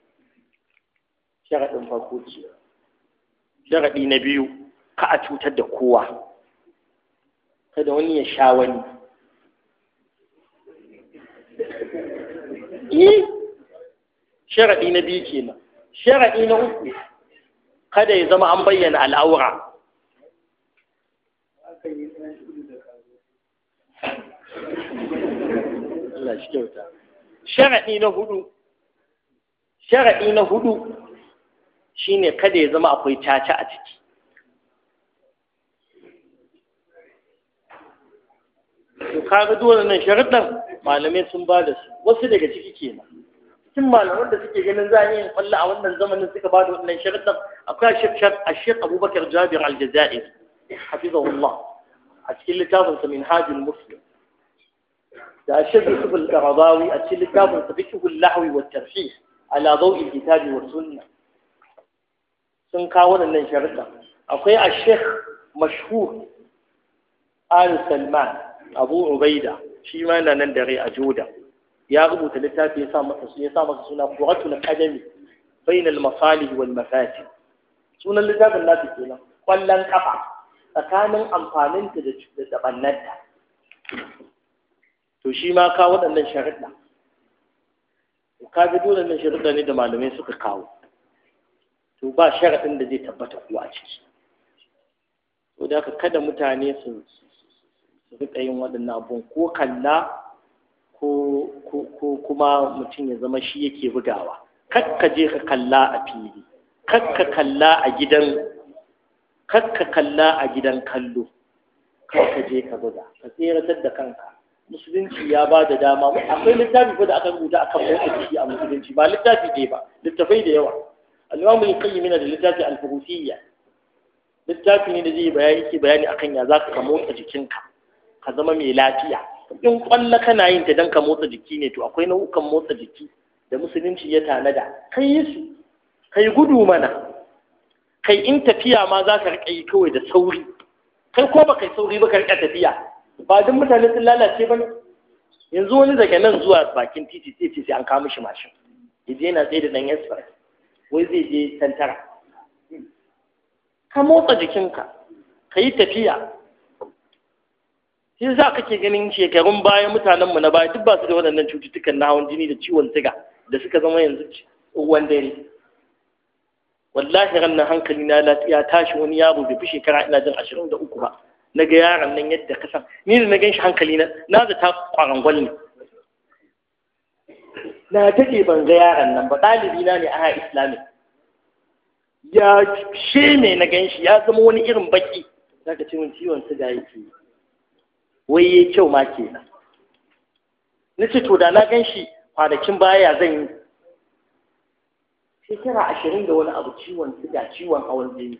sharaɗin farko ce sharaɗi na biyu ka a cutar da kowa kada wani ya sha wani eh sharaɗi na biyu kenan sharaɗi na uku kada ya zama an bayyana al'aura sharaɗi na hudu sharaɗi na hudu shine kada ya zama akwai caca a ciki to kaga dole nan sharuɗan malamai sun ba da su wasu daga ciki kenan cikin malaman da suke ganin za a yin kwallo a wannan zamanin suka ba da wannan sharuɗan akwai shirkar a shek abubakar jabir al-jazair hafizahullah a cikin littafinsa min hajjin muslim da shek yusuf al-qaradawi a cikin littafinsa Bikin lahwi wa tarhih ala dawil kitabi wa sunna sun kawo wannan sharuɗa akwai a shaykh mashhur al salman abu ubaida shi ma yana nan dare a joda ya rubuta littafi ya sa masa ya sa masa suna quratul qadami bain al masalih wal mafatih sunan littafin nasu kenan kwallon kafa tsakanin amfaninta da da bannanta to shi ma ka waɗannan sharuɗa kafidu da nan sharuɗa ne da malamai suka kawo to ba sharaɗin da zai tabbata kuwa a ciki to da ka kada mutane su riƙa yin waɗannan abun ko kalla ko kuma mutum ya zama shi yake bugawa kakka je ka kalla a fili kakka kalla a gidan kakka kalla a gidan kallo kakka je ka buga ka tseratar da kanka musulunci ya ba da dama akwai littafi ko da aka rubuta akan motsa jiki a musulunci ba littafi ne ba littafai da yawa al-imamu al-qayyim na da littafi al littafi ne da zai bayani yake bayani akan ya zaka ka motsa jikinka ka zama mai lafiya in kwalla kana yin ta dan ka motsa jiki ne to akwai nau'ukan motsa jiki da musulunci ya tanada kai yi su kai gudu mana kai in tafiya ma za ka riƙa yi kawai da sauri kai ko ba kai sauri ba ka riƙa tafiya ba duk mutane sun lalace ba ne yanzu wani daga nan zuwa bakin titi sai sai an kawo mishi mashin yaje yana tsaye da dan esfar wai zai je tantara ka motsa jikinka ka yi tafiya shi za kake ganin shekarun baya mutanenmu na baya duk ba su da waɗannan cututtukan na hawan jini da ciwon siga da suka zama yanzu ruwan dare wallahi nan hankali na ya tashi wani yaro bai fi shekara ina jin ashirin da uku ba na ga yaron nan yadda ka san ni da na gan shi hankali na na zata kwarangwal ne na take ban ga yaron nan ba ɗalibi na ne a islami ya she ne na gan shi ya zama wani irin baki za ka ce min ciwon suga yake wai ya kyau ma ke nan na ce to da na gan shi kwanakin baya zan yi shekara ashirin da wani abu ciwon suga ciwon hawan jini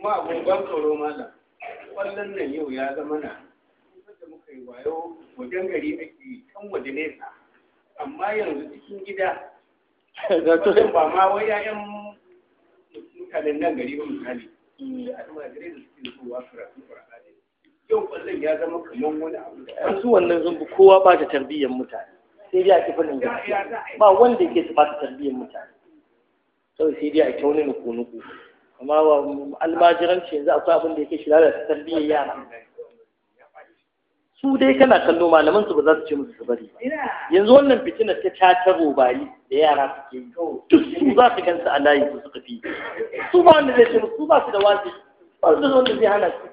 kuma abun ban tsoro malam kwallon nan yau ya zama na da muka yi wayo wajen gari ake kan waje nesa amma yanzu cikin gida wajen ba ma wai 'ya'yan mutanen nan gari ba misali hmm. da almajirai da yau kwallon ya zama kamar wani abu da su wannan sun fi kowa ba da tarbiyyar mutane sai dai a ki faɗin gaskiya ba wanda ke ba ta tarbiyyar mutane kawai sai dai a kyaunin nuku-nuku amma wa almajiranci yanzu akwai abin da yake shi lalata tarbiyyar yara su dai kana kallo malaman su ba za su ce musu su bari yanzu wannan fitinar ta tataro bayi da yara suke yi duk su za su gansu a layi su suka fi su ba wanda zai ce musu su ba su da wasi ba su wanda zai hana su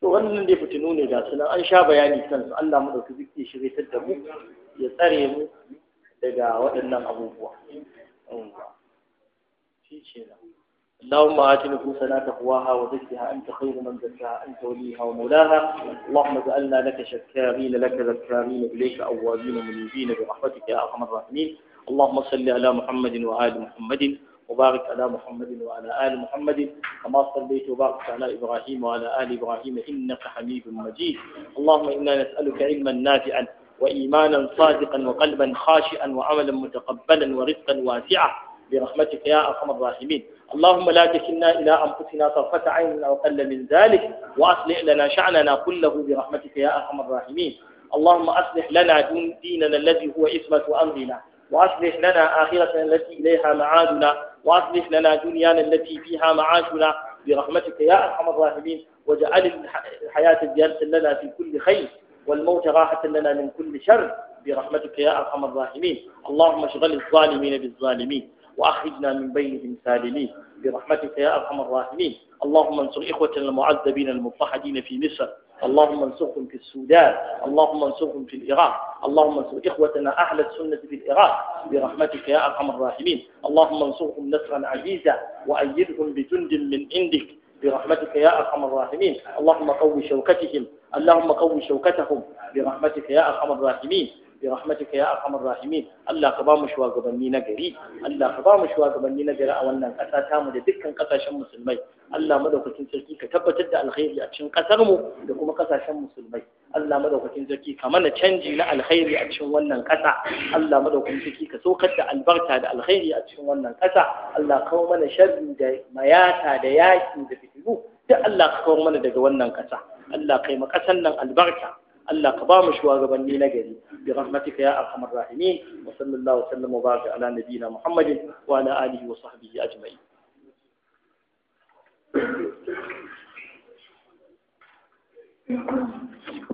to wannan dai fitinu ne ga nan an sha bayani kan su, Allah mu dauki zuke shi zai tattabu ya tsare mu daga waɗannan abubuwa اللهم آت نفوسنا تقواها وزكها أنت خير من زكاها أنت وليها ومولاها اللهم اجعلنا لك شكارين لك ذكارين إليك أوابين منيبين برحمتك يا أرحم الراحمين اللهم صل على محمد وآل محمد وبارك على محمد وعلى آل محمد كما صليت وباركت على إبراهيم وعلى آل إبراهيم إنك حميد مجيد اللهم إنا نسألك علما نافعا وإيمانا صادقا وقلبا خاشئا وعملا متقبلا ورزقا واسعا برحمتك يا أرحم الراحمين اللهم لا تكلنا إلى أنفسنا طرفة عين أو قل من ذلك وأصلح لنا شأننا كله برحمتك يا أرحم الراحمين اللهم أصلح لنا ديننا الذي هو عصمة أمرنا وأصلح لنا آخرتنا التي إليها معادنا وأصلح لنا دنيانا التي فيها معاشنا برحمتك يا أرحم الراحمين واجعل الحياة زيادة لنا في كل خير والموت راحة لنا من كل شر برحمتك يا أرحم الراحمين اللهم اشغل الظالمين بالظالمين وأخرجنا من بينهم سالمين برحمتك يا أرحم الراحمين اللهم انصر إخوتنا المعذبين المضطهدين في مصر اللهم انصرهم في السودان اللهم انصرهم في العراق اللهم انصر إخوتنا أهل السنة في العراق برحمتك يا أرحم الراحمين اللهم انصرهم نصرا عزيزا وأيدهم بجند من عندك برحمتك يا أرحم الراحمين اللهم قو شوكتهم اللهم قو شوكتهم برحمتك يا أرحم الراحمين برحمتك يا ارحم الراحمين الله ka ba mu shugabanni na gari Allah ka ba mu shugabanni na gari a wannan kasa ta mu da dukkan kasashen musulmai Allah madaukakin sarki ka tabbatar da alkhairi a cikin kasar mu da kuma kasashen musulmai Allah madaukakin sarki ka mana canji na alkhairi a cikin wannan kasa Allah madaukakin sarki ka saukar da albarta da alkhairi a cikin wannan kasa Allah ka mana sharri da mayata da yaki da fitilu duk Allah ka kawo mana daga wannan kasa Allah kai ma kasan nan albarta. Allah ka ba mu shugabanni na برحمتك يا أرحم الراحمين وصلى الله وسلم وبارك على نبينا محمد وعلى آله وصحبه أجمعين Thank you.